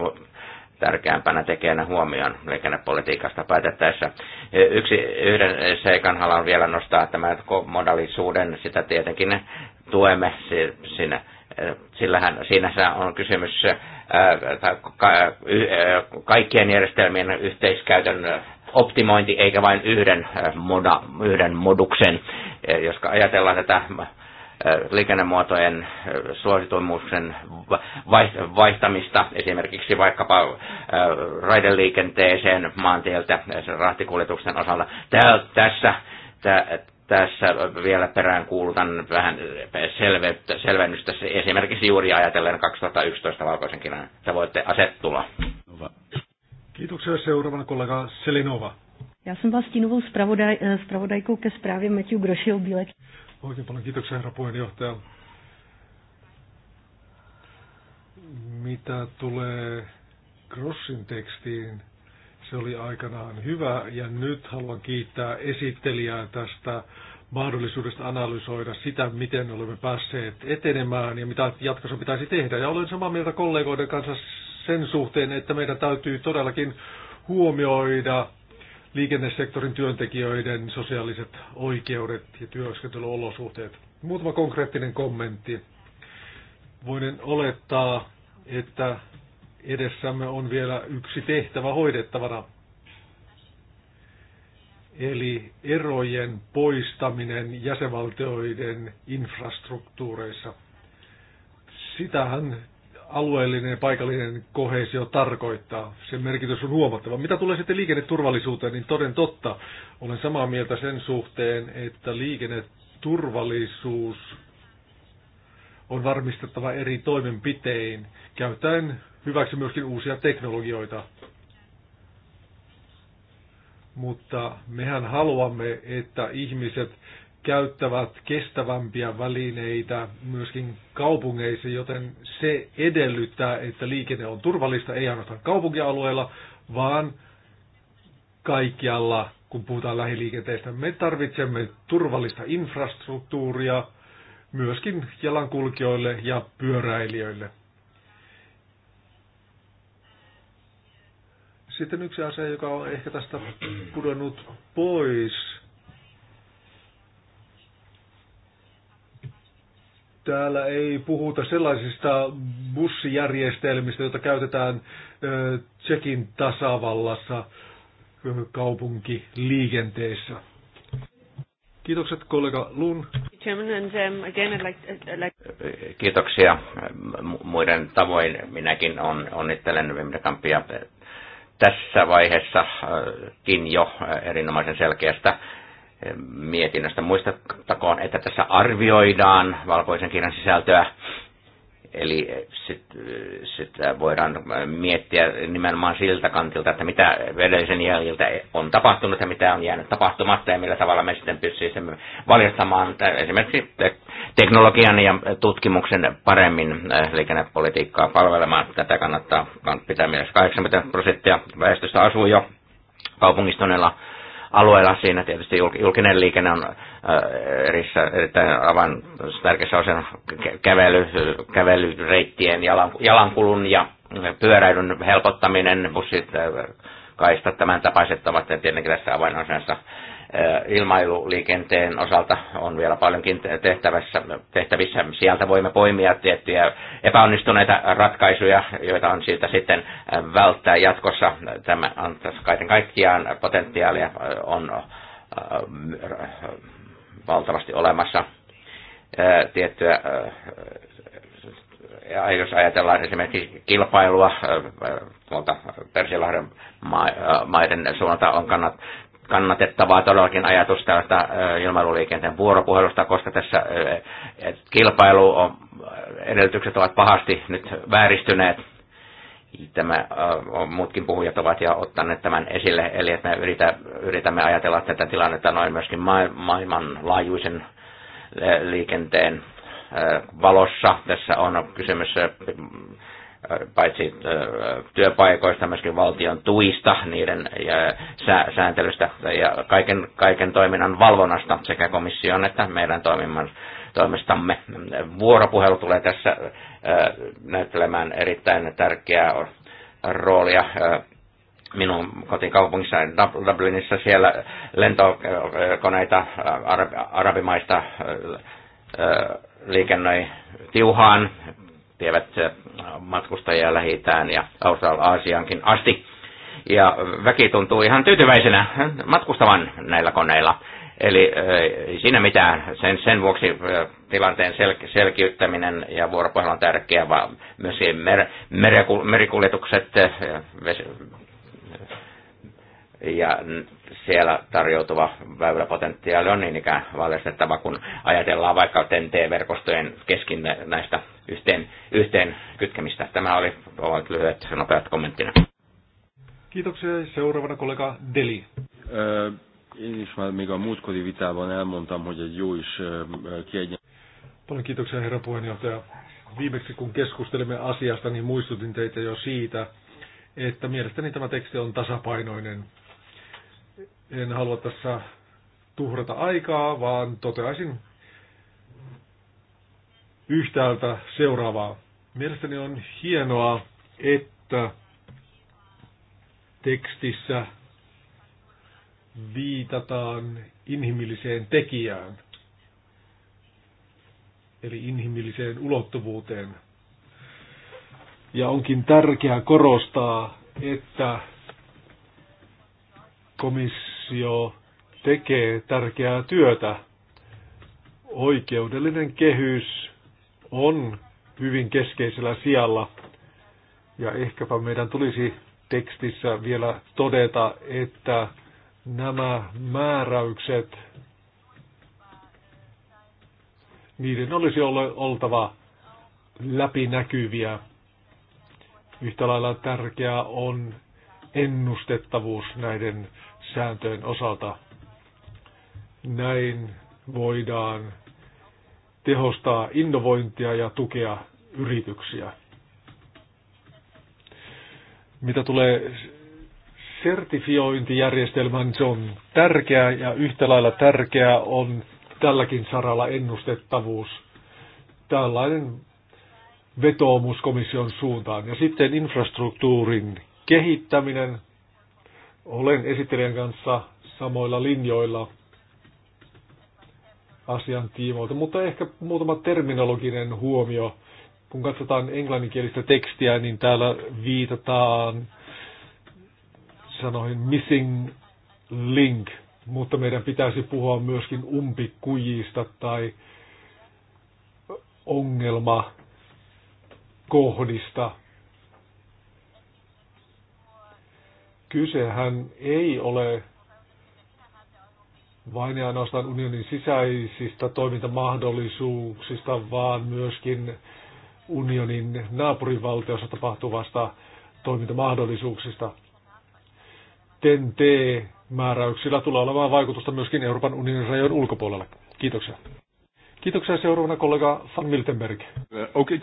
[SPEAKER 6] tärkeämpänä tekijänä huomioon liikennepolitiikasta päätettäessä. Yksi yhden seikan haluan vielä nostaa tämä modalisuuden, sitä tietenkin tuemme siinä. Äh, sillähän, siinä on kysymys kaikkien järjestelmien yhteiskäytön optimointi eikä vain yhden, moda, yhden moduksen. Jos ajatellaan tätä liikennemuotojen suosituimmuuksen vaihtamista esimerkiksi vaikkapa raideliikenteeseen maantieltä rahtikuljetuksen osalla. Tää, tässä tää, tässä vielä perään kuulutan vähän selvettä, selvennystä esimerkiksi juuri ajatellen 2011 valkoisen
[SPEAKER 3] kirjan tavoitteen asettua. Kiitoksia seuraavana kollega Selinova.
[SPEAKER 4] Ja jsem vás stínovou spravodaj, spravodajkou eh, ke zprávě Matthew Grošil Bílek.
[SPEAKER 3] Oikein paljon kiitoksia herra puheenjohtaja. Mitä tulee Grossin tekstiin, se oli aikanaan hyvä ja nyt haluan kiittää esittelijää tästä mahdollisuudesta analysoida sitä, miten olemme päässeet etenemään ja mitä jatkossa pitäisi tehdä. Ja olen samaa mieltä kollegoiden kanssa sen suhteen, että meidän täytyy todellakin huomioida liikennesektorin työntekijöiden sosiaaliset oikeudet ja työskentelyolosuhteet. Muutama konkreettinen kommentti. Voin olettaa, että edessämme on vielä yksi tehtävä hoidettavana. Eli erojen poistaminen jäsenvaltioiden infrastruktuureissa. Sitähän alueellinen ja paikallinen kohesio tarkoittaa. Sen merkitys on huomattava. Mitä tulee sitten liikenneturvallisuuteen, niin toden totta, olen samaa mieltä sen suhteen, että liikenneturvallisuus on varmistettava eri toimenpitein, käyttäen hyväksy myöskin uusia teknologioita. Mutta mehän haluamme, että ihmiset käyttävät kestävämpiä välineitä myöskin kaupungeissa, joten se edellyttää, että liikenne on turvallista ei ainoastaan kaupunkialueella, vaan kaikkialla, kun puhutaan lähiliikenteestä. Me tarvitsemme turvallista infrastruktuuria myöskin jalankulkijoille ja pyöräilijöille. Sitten yksi asia, joka on ehkä tästä pudonnut pois. Täällä ei puhuta sellaisista bussijärjestelmistä, joita käytetään Tsekin tasavallassa kaupunkiliikenteessä. Kiitokset kollega Lun.
[SPEAKER 4] Um,
[SPEAKER 6] Kiitoksia muiden tavoin. Minäkin on, onnittelen Vimdekampia tässä vaiheessakin äh, jo äh, erinomaisen selkeästä äh, mietinnöstä. Muistettakoon, että tässä arvioidaan valkoisen kirjan sisältöä Eli sit, voidaan miettiä nimenomaan siltä kantilta, että mitä edellisen jäljiltä on tapahtunut ja mitä on jäänyt tapahtumatta ja millä tavalla me sitten pystyisimme valjastamaan esimerkiksi teknologian ja tutkimuksen paremmin äh, liikennepolitiikkaa palvelemaan. Tätä kannattaa pitää mielessä. 80 prosenttia väestöstä asuu jo kaupungistuneella alueella. Siinä tietysti julkinen liikenne on äh, erissä, erittäin avan tärkeässä osan kävely, kävelyreittien, jalankulun ja pyöräilyn helpottaminen, bussit, äh, kaistat, tämän tapaiset ovat tietenkin tässä avainosassa ilmailuliikenteen osalta on vielä paljonkin tehtävissä. tehtävissä. Sieltä voimme poimia tiettyjä epäonnistuneita ratkaisuja, joita on siitä sitten välttää jatkossa. Tämä on kaiken kaikkiaan potentiaalia on valtavasti olemassa tiettyä ja jos ajatellaan esimerkiksi kilpailua tuolta Persilahden maiden suunnalta, on kannat, kannatettavaa todellakin ajatus tästä ilmailuliikenteen vuoropuhelusta, koska tässä kilpailu on, edellytykset ovat pahasti nyt vääristyneet. Tämä, muutkin puhujat ovat jo ottaneet tämän esille, eli että me yritämme ajatella tätä tilannetta noin myöskin maailmanlaajuisen liikenteen valossa. Tässä on kysymys paitsi työpaikoista, myöskin valtion tuista, niiden sääntelystä ja kaiken, kaiken toiminnan valvonnasta sekä komission että meidän toimimman toimistamme Vuoropuhelu tulee tässä näyttelemään erittäin tärkeää roolia minun kotikaupungissa Dublinissa siellä lentokoneita arabimaista liikennöi tiuhaan vievät äh, matkustajia lähitään ja Australaasiankin asti. Ja väki tuntuu ihan tyytyväisenä matkustavan näillä koneilla. Eli äh, ei siinä mitään. Sen, sen vuoksi äh, tilanteen sel, selkiyttäminen ja vuoropuhelu on tärkeää, vaan myös mer, merikuljetukset ja, ja siellä tarjoutuva väyläpotentiaali on niin ikään valjastettava, kun ajatellaan vaikka TNT-verkostojen keskin näistä yhteen, yhteen kytkemistä. Tämä oli ovat lyhyet ja nopeat kommenttina.
[SPEAKER 3] Kiitoksia. Seuraavana kollega Deli. Paljon kiitoksia herra puheenjohtaja. Viimeksi kun keskustelimme asiasta, niin muistutin teitä jo siitä, että mielestäni tämä teksti on tasapainoinen en halua tässä tuhrata aikaa, vaan toteaisin yhtäältä seuraavaa. Mielestäni on hienoa, että tekstissä viitataan inhimilliseen tekijään, eli inhimilliseen ulottuvuuteen. Ja onkin tärkeää korostaa, että komissio komissio tekee tärkeää työtä. Oikeudellinen kehys on hyvin keskeisellä sijalla. Ja ehkäpä meidän tulisi tekstissä vielä todeta, että nämä määräykset, niiden olisi oltava läpinäkyviä. Yhtä lailla tärkeää on ennustettavuus näiden sääntöjen osalta. Näin voidaan tehostaa innovointia ja tukea yrityksiä. Mitä tulee sertifiointijärjestelmään, niin se on tärkeää ja yhtä lailla tärkeää on tälläkin saralla ennustettavuus. Tällainen vetoomus komission suuntaan. Ja sitten infrastruktuurin kehittäminen. Olen esittelijän kanssa samoilla linjoilla asian tiimoilta, mutta ehkä muutama terminologinen huomio. Kun katsotaan englanninkielistä tekstiä, niin täällä viitataan sanoin missing link, mutta meidän pitäisi puhua myöskin umpikujista tai ongelmakohdista. Kysehän ei ole vain ja ainoastaan unionin sisäisistä toimintamahdollisuuksista, vaan myöskin unionin naapurivaltiossa tapahtuvasta toimintamahdollisuuksista. TEN-T-määräyksillä tulee olemaan vaikutusta myöskin Euroopan unionin rajojen ulkopuolella. Kiitoksia. Kiitoksia seuraavana kollega Van Miltenberg. Okay.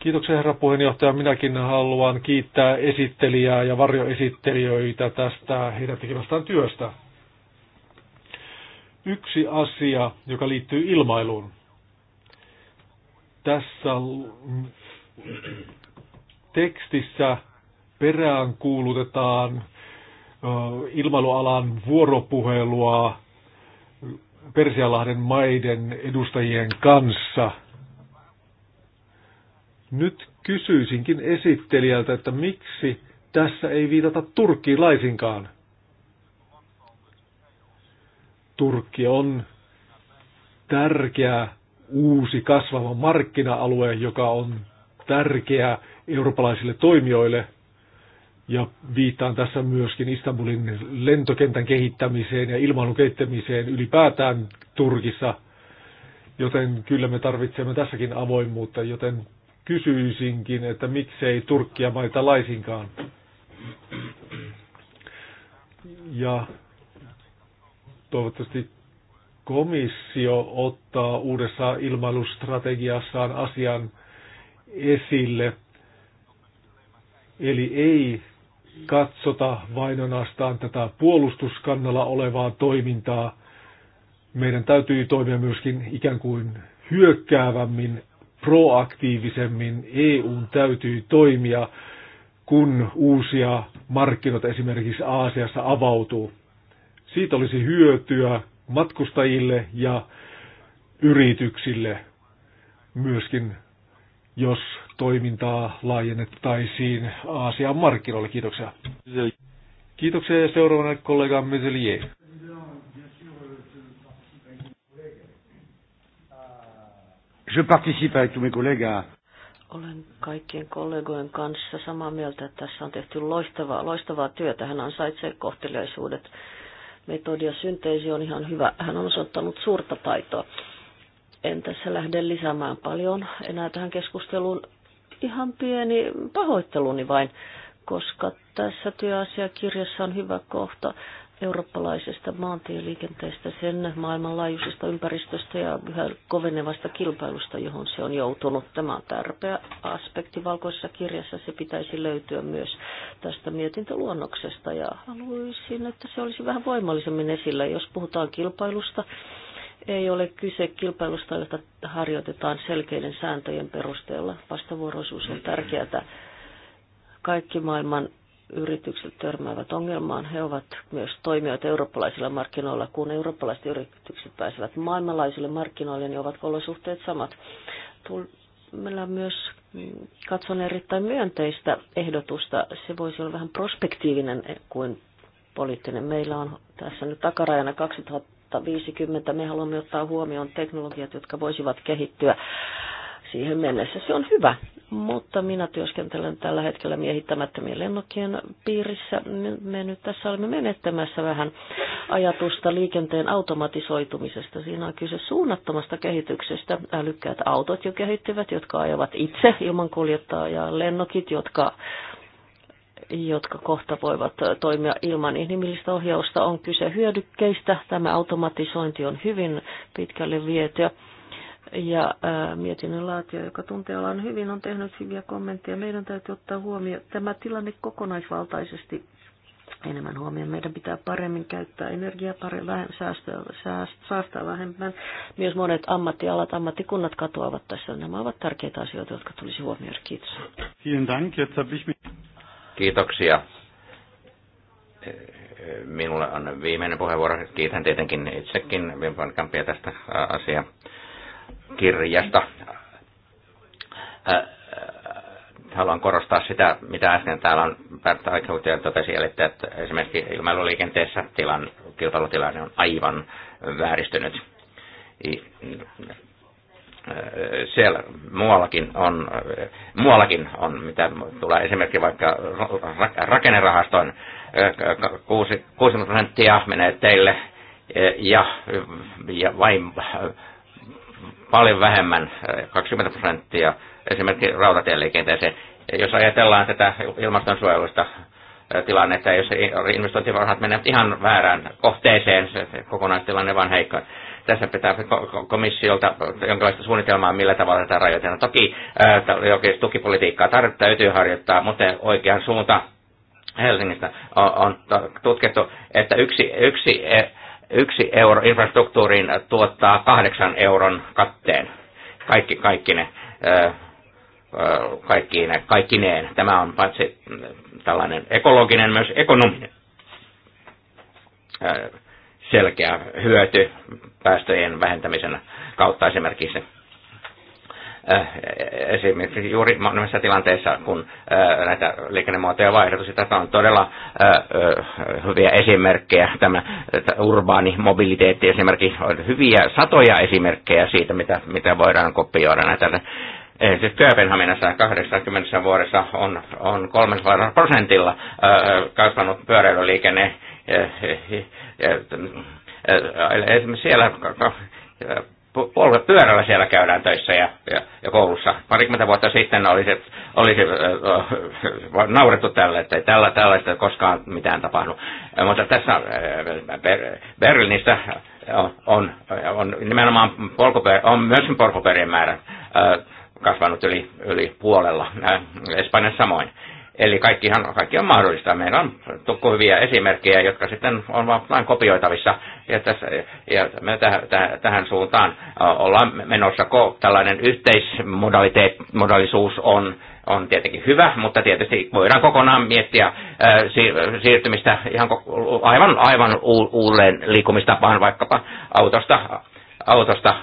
[SPEAKER 3] Kiitoksia herra puheenjohtaja. Minäkin haluan kiittää esittelijää ja varjoesittelijöitä tästä heidän tekemästään työstä. Yksi asia, joka liittyy ilmailuun. Tässä tekstissä perään kuulutetaan ilmailualan vuoropuhelua Persialahden maiden edustajien kanssa – nyt kysyisinkin esittelijältä, että miksi tässä ei viitata Turkkiin laisinkaan. Turkki on tärkeä uusi kasvava markkina-alue, joka on tärkeä eurooppalaisille toimijoille. Ja viittaan tässä myöskin Istanbulin lentokentän kehittämiseen ja ilmailun kehittämiseen ylipäätään Turkissa. Joten kyllä me tarvitsemme tässäkin avoimuutta, joten kysyisinkin, että miksei Turkkia maita laisinkaan. Ja toivottavasti komissio ottaa uudessa ilmailustrategiassaan asian esille. Eli ei katsota vain ainoastaan tätä puolustuskannalla olevaa toimintaa. Meidän täytyy toimia myöskin ikään kuin hyökkäävämmin proaktiivisemmin EUn täytyy toimia, kun uusia markkinoita esimerkiksi Aasiassa avautuu. Siitä olisi hyötyä matkustajille ja yrityksille myöskin, jos toimintaa laajennettaisiin Aasian markkinoille. Kiitoksia. Kiitoksia ja seuraavana kollega Meselier.
[SPEAKER 2] Je participe avec tous mes collègues à...
[SPEAKER 4] Olen kaikkien kollegojen kanssa samaa mieltä, että tässä on tehty loistavaa, loistavaa työtä. Hän ansaitsee kohteliaisuudet. Metodia synteesi on ihan hyvä. Hän on osoittanut suurta taitoa. En tässä lähde lisäämään paljon enää tähän keskusteluun. Ihan pieni pahoitteluni vain, koska tässä työasiakirjassa on hyvä kohta eurooppalaisesta maantieliikenteestä, sen maailmanlaajuisesta ympäristöstä ja yhä kovenevasta kilpailusta, johon se on joutunut. Tämä on tärkeä aspekti valkoisessa kirjassa. Se pitäisi löytyä myös tästä mietintöluonnoksesta ja haluaisin, että se olisi vähän voimallisemmin esillä, jos puhutaan kilpailusta. Ei ole kyse kilpailusta, jota harjoitetaan selkeiden sääntöjen perusteella. Vastavuoroisuus on tärkeää. Kaikki maailman yritykset törmäävät ongelmaan. He ovat myös toimijoita eurooppalaisilla markkinoilla. Kun eurooppalaiset yritykset pääsevät maailmanlaisille markkinoille, niin ovat olosuhteet samat. Meillä on myös mm, katson erittäin myönteistä ehdotusta. Se voisi olla vähän prospektiivinen kuin poliittinen. Meillä on tässä nyt takarajana 2050. Me haluamme ottaa huomioon teknologiat, jotka voisivat kehittyä siihen mennessä. Se on hyvä mutta minä työskentelen tällä hetkellä miehittämättömien lennokkien piirissä. Me nyt tässä olemme menettämässä vähän ajatusta liikenteen automatisoitumisesta. Siinä on kyse suunnattomasta kehityksestä. Älykkäät autot jo kehittyvät, jotka ajavat itse ilman ja lennokit, jotka jotka kohta voivat toimia ilman inhimillistä ohjausta, on kyse hyödykkeistä. Tämä automatisointi on hyvin pitkälle vietyä ja ää, mietinnön laatija, joka tuntee alan hyvin, on tehnyt hyviä kommentteja. Meidän täytyy ottaa huomioon tämä tilanne kokonaisvaltaisesti enemmän huomioon. Meidän pitää paremmin käyttää energiaa, paremmin, vähem, säästää, säästää vähemmän. Myös monet ammattialat, ammattikunnat katoavat tässä. Nämä ovat tärkeitä asioita, jotka tulisi huomioida. Kiitos.
[SPEAKER 6] Kiitoksia. Minulle on viimeinen puheenvuoro. Kiitän tietenkin itsekin Wim tästä asiaa kirjasta. Haluan korostaa sitä, mitä äsken täällä on Pärtä totesi, eli että esimerkiksi ilmailuliikenteessä tilan, kilpailutilanne on aivan vääristynyt. Siellä muuallakin on, muuallakin on, mitä tulee esimerkiksi vaikka rakennerahaston 6 prosenttia menee teille ja, ja vain paljon vähemmän, 20 eh, prosenttia esimerkiksi rautatieliikenteeseen. Jos ajatellaan tätä ilmastonsuojelusta eh, tilannetta, jos investointivarhat menevät ihan väärään kohteeseen, se kokonaistilanne vaan heikko. Tässä pitää komissiolta jonkinlaista suunnitelmaa, millä tavalla tätä rajoitetaan. No toki eh, jokin tukipolitiikkaa täytyy harjoittaa, mutta oikean suunta Helsingistä on tutkittu, että yksi, yksi yksi euro infrastruktuuriin tuottaa kahdeksan euron katteen. Kaikki, kaikki ne, kaikki ne, kaikkineen. Tämä on paitsi tällainen ekologinen, myös ekonominen selkeä hyöty päästöjen vähentämisen kautta esimerkiksi esimerkiksi juuri monissa tilanteissa, kun näitä liikennemuotoja vaihdetaan, tämä on todella hyviä esimerkkejä. Tämä urbaani mobiliteetti esimerkki on hyviä satoja esimerkkejä siitä, mitä, mitä voidaan kopioida näitä siis Kööpenhaminassa 80 vuodessa on, on 300 prosentilla kasvanut pyöräilyliikenne. Esimerkiksi siellä polvet pyörällä siellä käydään töissä ja, ja, ja koulussa. Parikymmentä vuotta sitten olisi, olisi äh, naurettu tälle, että ei tällä, tällaista koskaan mitään tapahdu. Mutta tässä äh, Ber- Berlinissä on, on, on nimenomaan polkupyör, on myöskin polkupyörien määrä äh, kasvanut yli, yli puolella. Äh, Espanjassa samoin. Äh, Eli kaikkihan, kaikki on mahdollista. Meillä on tukku hyviä esimerkkejä, jotka sitten on vain kopioitavissa. Ja, tässä, ja me täh, täh, tähän suuntaan ollaan menossa, kun tällainen yhteismodalisuus on, on tietenkin hyvä, mutta tietysti voidaan kokonaan miettiä siirtymistä ihan aivan, aivan uudelleen liikkumistapaan vaikkapa autosta, autosta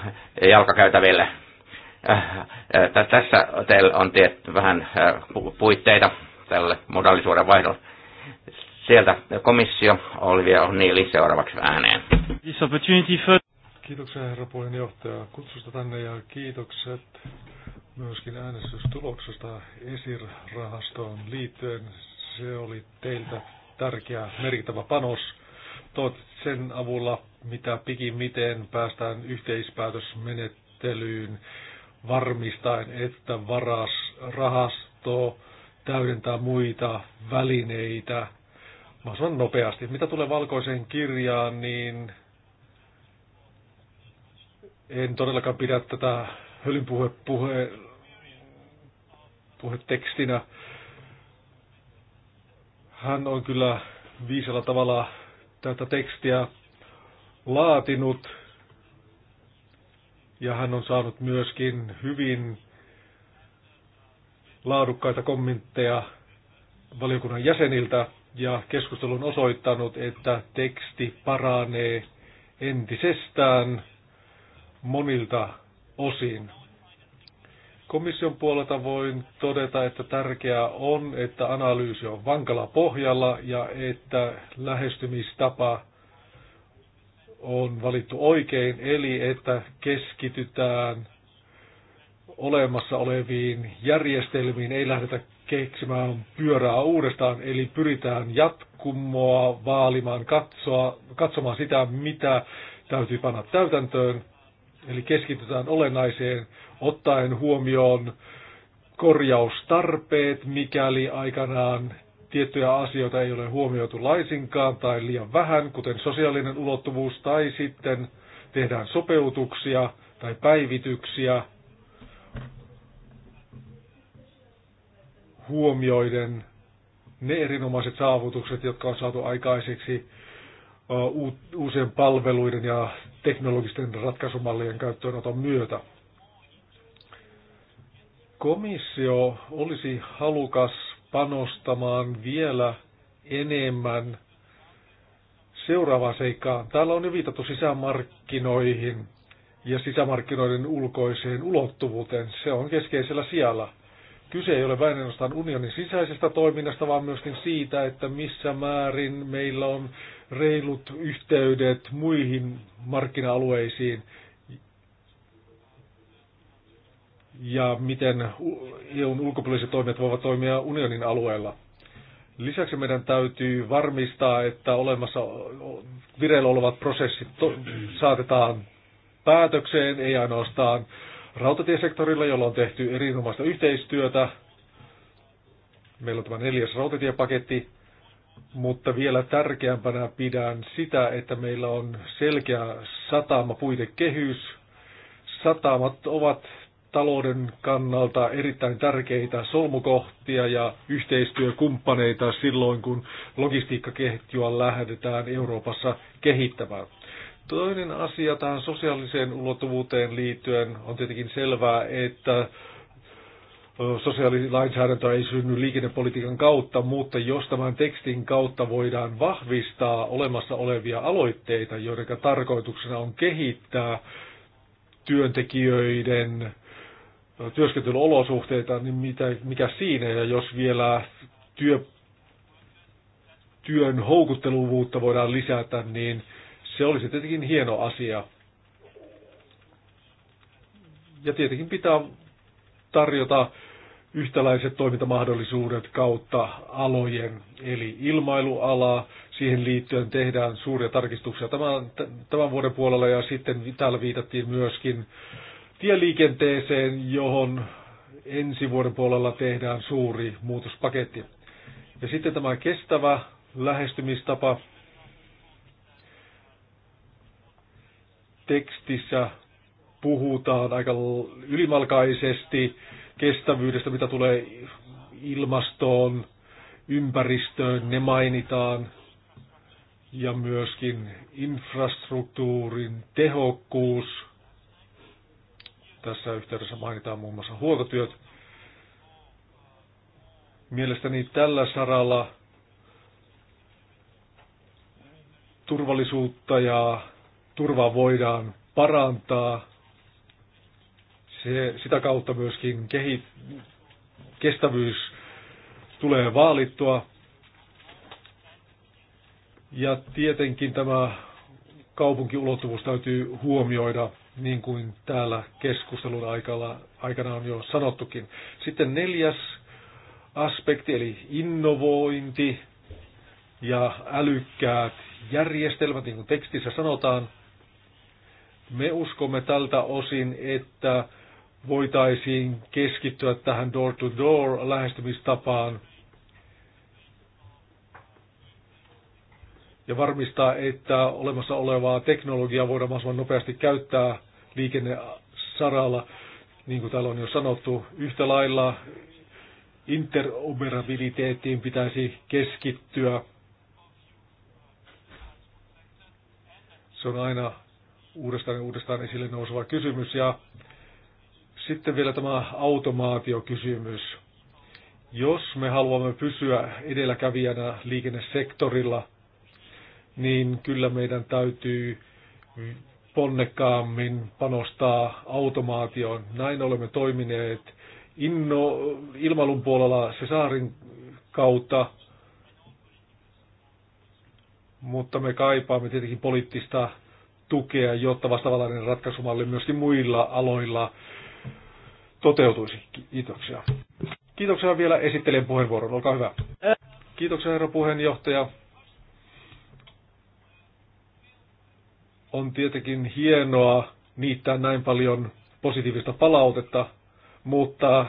[SPEAKER 6] jalkakäytäville tässä teillä on tiet, vähän puitteita tälle modallisuuden vaihdolle. Sieltä komissio Olivia niin seuraavaksi
[SPEAKER 1] ääneen.
[SPEAKER 3] Kiitoksia herra puheenjohtaja kutsusta tänne ja kiitokset myöskin äänestystuloksesta ESIR-rahastoon liittyen. Se oli teiltä tärkeä merkittävä panos. Toivottavasti sen avulla, mitä pikimiten päästään yhteispäätösmenettelyyn varmistaen, että varas rahasto täydentää muita välineitä mahdollisimman nopeasti. Mitä tulee valkoiseen kirjaan, niin en todellakaan pidä tätä hölynpuhe puhe, puhe tekstinä. Hän on kyllä viisella tavalla tätä tekstiä laatinut ja hän on saanut myöskin hyvin laadukkaita kommentteja valiokunnan jäseniltä ja keskustelu on osoittanut, että teksti paranee entisestään monilta osin. Komission puolelta voin todeta, että tärkeää on, että analyysi on vankalla pohjalla ja että lähestymistapa on valittu oikein, eli että keskitytään olemassa oleviin järjestelmiin ei lähdetä keksimään pyörää uudestaan, eli pyritään jatkumoa vaalimaan, katsoa, katsomaan sitä, mitä täytyy panna täytäntöön, eli keskitytään olennaiseen, ottaen huomioon korjaustarpeet, mikäli aikanaan tiettyjä asioita ei ole huomioitu laisinkaan tai liian vähän, kuten sosiaalinen ulottuvuus, tai sitten tehdään sopeutuksia tai päivityksiä huomioiden ne erinomaiset saavutukset, jotka on saatu aikaiseksi uusien palveluiden ja teknologisten ratkaisumallien käyttöönoton myötä. Komissio olisi halukas panostamaan vielä enemmän seuraavaan seikkaan. Täällä on jo viitattu sisämarkkinoihin ja sisämarkkinoiden ulkoiseen ulottuvuuteen. Se on keskeisellä sijalla – Kyse ei ole vain ainoastaan unionin sisäisestä toiminnasta, vaan myöskin siitä, että missä määrin meillä on reilut yhteydet muihin markkina-alueisiin ja miten EUn ulkopuoliset toimet voivat toimia unionin alueella. Lisäksi meidän täytyy varmistaa, että olemassa vireillä olevat prosessit saatetaan päätökseen, ei ainoastaan rautatiesektorilla, jolla on tehty erinomaista yhteistyötä. Meillä on tämä neljäs rautatiepaketti, mutta vielä tärkeämpänä pidän sitä, että meillä on selkeä satamapuitekehys. Satamat ovat talouden kannalta erittäin tärkeitä solmukohtia ja yhteistyökumppaneita silloin, kun logistiikkaketjua lähdetään Euroopassa kehittämään. Toinen asia tähän sosiaaliseen ulottuvuuteen liittyen on tietenkin selvää, että sosiaalilainsäädäntöä ei synny liikennepolitiikan kautta, mutta jos tämän tekstin kautta voidaan vahvistaa olemassa olevia aloitteita, joiden tarkoituksena on kehittää työntekijöiden työskentelyolosuhteita, niin mitä, mikä siinä, ja jos vielä työ, työn houkuttelevuutta voidaan lisätä, niin se olisi tietenkin hieno asia. Ja tietenkin pitää tarjota yhtäläiset toimintamahdollisuudet kautta alojen, eli ilmailuala, siihen liittyen tehdään suuria tarkistuksia tämän, tämän vuoden puolella ja sitten täällä viitattiin myöskin tieliikenteeseen, johon ensi vuoden puolella tehdään suuri muutospaketti. Ja sitten tämä kestävä lähestymistapa, tekstissä puhutaan aika ylimalkaisesti kestävyydestä, mitä tulee ilmastoon, ympäristöön, ne mainitaan, ja myöskin infrastruktuurin tehokkuus. Tässä yhteydessä mainitaan muun muassa huoltotyöt. Mielestäni tällä saralla turvallisuutta ja turva voidaan parantaa. Se, sitä kautta myöskin kehi, kestävyys tulee vaalittua. Ja tietenkin tämä kaupunkiulottuvuus täytyy huomioida, niin kuin täällä keskustelun aikana, aikana on jo sanottukin. Sitten neljäs aspekti, eli innovointi ja älykkäät järjestelmät, niin kuin tekstissä sanotaan – me uskomme tältä osin, että voitaisiin keskittyä tähän door-to-door lähestymistapaan ja varmistaa, että olemassa olevaa teknologiaa voidaan mahdollisimman nopeasti käyttää liikennesaralla. Niin kuin täällä on jo sanottu, yhtä lailla interoperabiliteettiin pitäisi keskittyä. Se on aina uudestaan uudestaan esille nouseva kysymys. Ja sitten vielä tämä automaatiokysymys. Jos me haluamme pysyä edelläkävijänä liikennesektorilla, niin kyllä meidän täytyy ponnekkaammin panostaa automaatioon. Näin olemme toimineet inno, ilmailun puolella Cesarin kautta, mutta me kaipaamme tietenkin poliittista tukea, jotta vastaavallinen ratkaisumalli myöskin muilla aloilla toteutuisi. Kiitoksia. Kiitoksia vielä esittelijän puheenvuoron. Olkaa hyvä. Kiitoksia herra puheenjohtaja. On tietenkin hienoa niittää näin paljon positiivista palautetta, mutta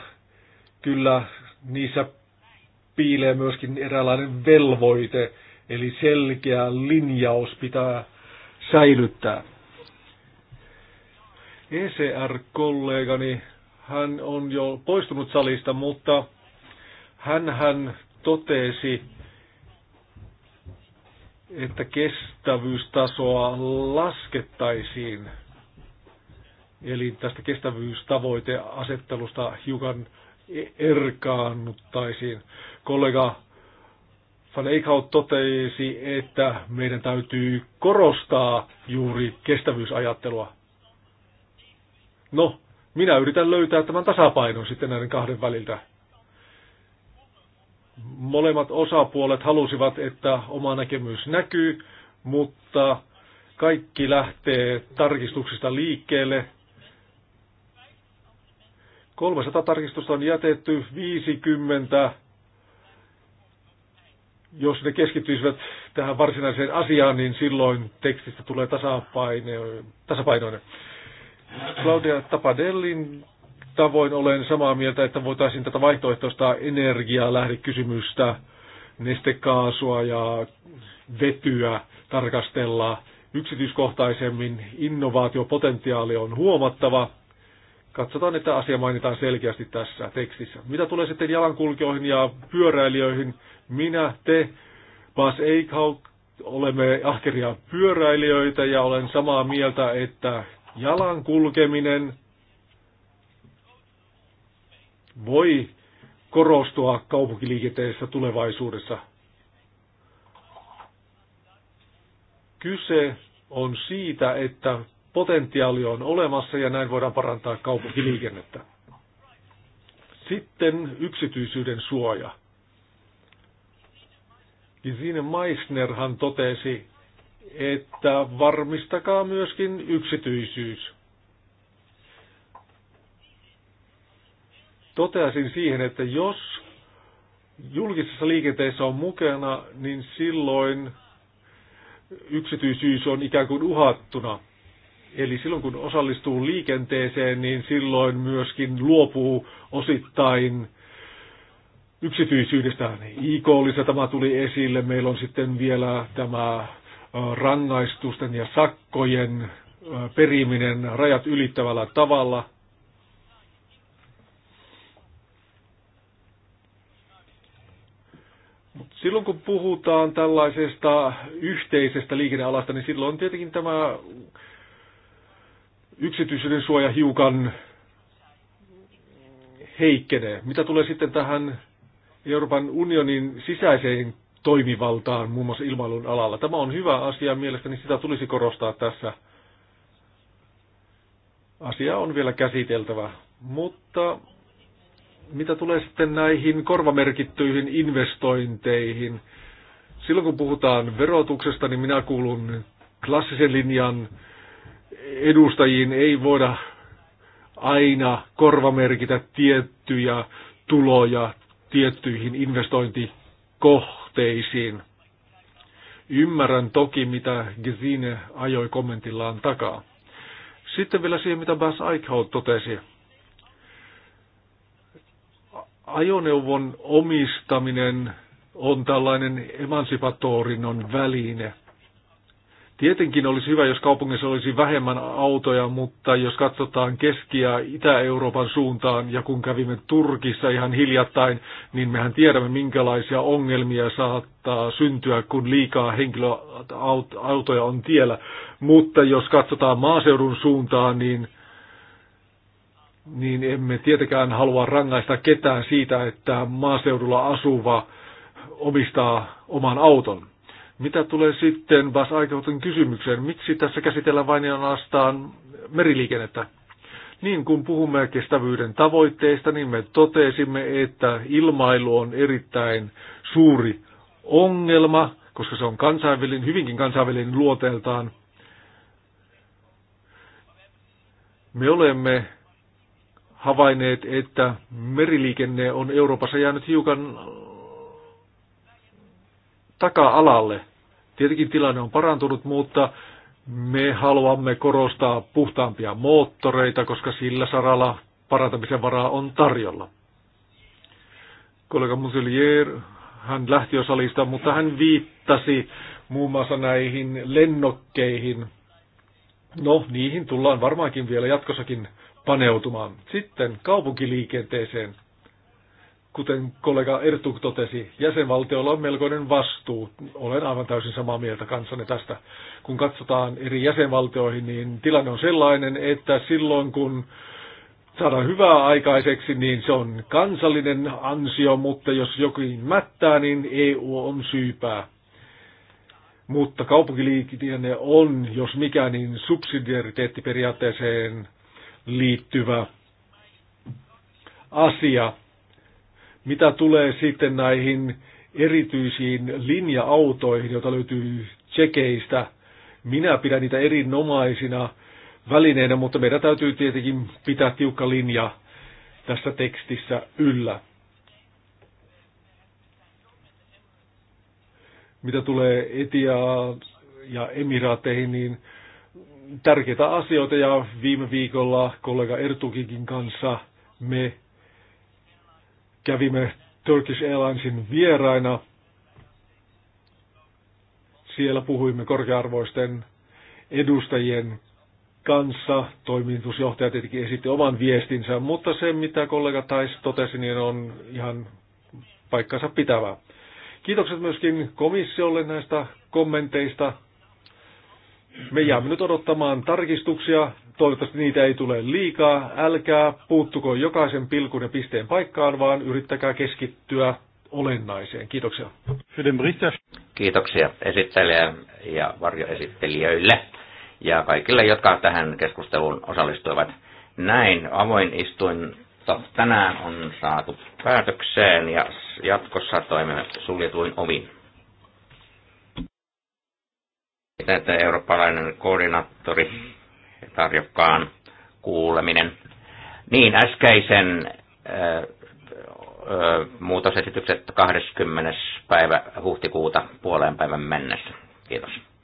[SPEAKER 3] kyllä niissä piilee myöskin eräänlainen velvoite, eli selkeä linjaus pitää säilyttää. ECR-kollegani, hän on jo poistunut salista, mutta hän, hän totesi, että kestävyystasoa laskettaisiin. Eli tästä kestävyystavoiteasettelusta hiukan e-, erkaannuttaisiin. Kollega Van Eekhout totesi, että meidän täytyy korostaa juuri kestävyysajattelua. No, minä yritän löytää tämän tasapainon sitten näiden kahden väliltä. Molemmat osapuolet halusivat, että oma näkemys näkyy, mutta kaikki lähtee tarkistuksista liikkeelle. 300 tarkistusta on jätetty, 50 jos ne keskittyisivät tähän varsinaiseen asiaan, niin silloin tekstistä tulee tasapainoinen. Claudia Tapadellin tavoin olen samaa mieltä, että voitaisiin tätä vaihtoehtoista energiaa lähdekysymystä, nestekaasua ja vetyä tarkastella yksityiskohtaisemmin. Innovaatiopotentiaali on huomattava Katsotaan, että asia mainitaan selkeästi tässä tekstissä. Mitä tulee sitten jalankulkijoihin ja pyöräilijöihin, minä, te, Bas Eichhauk, olemme ahkeria pyöräilijöitä ja olen samaa mieltä, että jalankulkeminen voi korostua kaupunkiliikenteessä tulevaisuudessa. Kyse on siitä, että potentiaali on olemassa ja näin voidaan parantaa kaupunkiliikennettä. Sitten yksityisyyden suoja. Gesine Meissnerhan totesi, että varmistakaa myöskin yksityisyys. Toteasin siihen, että jos julkisessa liikenteessä on mukana, niin silloin yksityisyys on ikään kuin uhattuna – Eli silloin kun osallistuu liikenteeseen, niin silloin myöskin luopuu osittain yksityisyydestään. ik tämä tuli esille. Meillä on sitten vielä tämä rangaistusten ja sakkojen periminen rajat ylittävällä tavalla. Mut silloin kun puhutaan tällaisesta yhteisestä liikennealasta, niin silloin tietenkin tämä yksityisyyden suoja hiukan heikkenee. Mitä tulee sitten tähän Euroopan unionin sisäiseen toimivaltaan, muun muassa ilmailun alalla. Tämä on hyvä asia, mielestäni sitä tulisi korostaa tässä. Asia on vielä käsiteltävä, mutta mitä tulee sitten näihin korvamerkittyihin investointeihin, silloin kun puhutaan verotuksesta, niin minä kuulun klassisen linjan edustajiin ei voida aina korvamerkitä tiettyjä tuloja tiettyihin investointikohteisiin. Ymmärrän toki, mitä Gesine ajoi kommentillaan takaa. Sitten vielä siihen, mitä Bas Eichhout totesi. Ajoneuvon omistaminen on tällainen emansipatorinnon väline – Tietenkin olisi hyvä, jos kaupungissa olisi vähemmän autoja, mutta jos katsotaan Keski- ja Itä-Euroopan suuntaan, ja kun kävimme Turkissa ihan hiljattain, niin mehän tiedämme, minkälaisia ongelmia saattaa syntyä, kun liikaa henkilöautoja on tiellä. Mutta jos katsotaan maaseudun suuntaan, niin, niin emme tietenkään halua rangaista ketään siitä, että maaseudulla asuva omistaa oman auton. Mitä tulee sitten Bas Aikautin kysymykseen, miksi tässä käsitellään vain ja ainoastaan meriliikennettä? Niin kun puhumme kestävyyden tavoitteista, niin me totesimme, että ilmailu on erittäin suuri ongelma, koska se on kansainvälinen, hyvinkin kansainvälinen luoteeltaan. Me olemme havainneet, että meriliikenne on Euroopassa jäänyt hiukan taka-alalle. Tietenkin tilanne on parantunut, mutta me haluamme korostaa puhtaampia moottoreita, koska sillä saralla parantamisen varaa on tarjolla. Kollega Muselier, hän lähti jo salista, mutta hän viittasi muun muassa näihin lennokkeihin. No, niihin tullaan varmaankin vielä jatkossakin paneutumaan. Sitten kaupunkiliikenteeseen kuten kollega Ertug totesi, jäsenvaltioilla on melkoinen vastuu. Olen aivan täysin samaa mieltä kanssanne tästä. Kun katsotaan eri jäsenvaltioihin, niin tilanne on sellainen, että silloin kun saadaan hyvää aikaiseksi, niin se on kansallinen ansio, mutta jos jokin mättää, niin EU on syypää. Mutta kaupunkiliikenne on, jos mikä, niin subsidiariteettiperiaatteeseen liittyvä asia mitä tulee sitten näihin erityisiin linja-autoihin, joita löytyy tsekeistä, minä pidän niitä erinomaisina välineinä, mutta meidän täytyy tietenkin pitää tiukka linja tässä tekstissä yllä. Mitä tulee Etia ja Emiraateihin, niin tärkeitä asioita ja viime viikolla kollega Ertukikin kanssa me kävimme Turkish Airlinesin vieraina. Siellä puhuimme korkearvoisten edustajien kanssa. Toimitusjohtaja tietenkin esitti oman viestinsä, mutta se mitä kollega Tais totesi, niin on ihan paikkansa pitävää. Kiitokset myöskin komissiolle näistä kommenteista. Me jäämme nyt odottamaan tarkistuksia toivottavasti niitä ei tule liikaa. Älkää puuttuko jokaisen pilkun ja pisteen paikkaan, vaan yrittäkää keskittyä olennaiseen. Kiitoksia.
[SPEAKER 6] Kiitoksia esittelijä ja varjoesittelijöille ja kaikille, jotka tähän keskusteluun osallistuivat. Näin avoin istuin tänään on saatu päätökseen ja jatkossa toimimme suljetuin ovin. Tämä eurooppalainen koordinaattori tarjokkaan kuuleminen. Niin, äskeisen ö, ö, muutosesitykset 20.
[SPEAKER 1] päivä huhtikuuta puoleen päivän mennessä. Kiitos.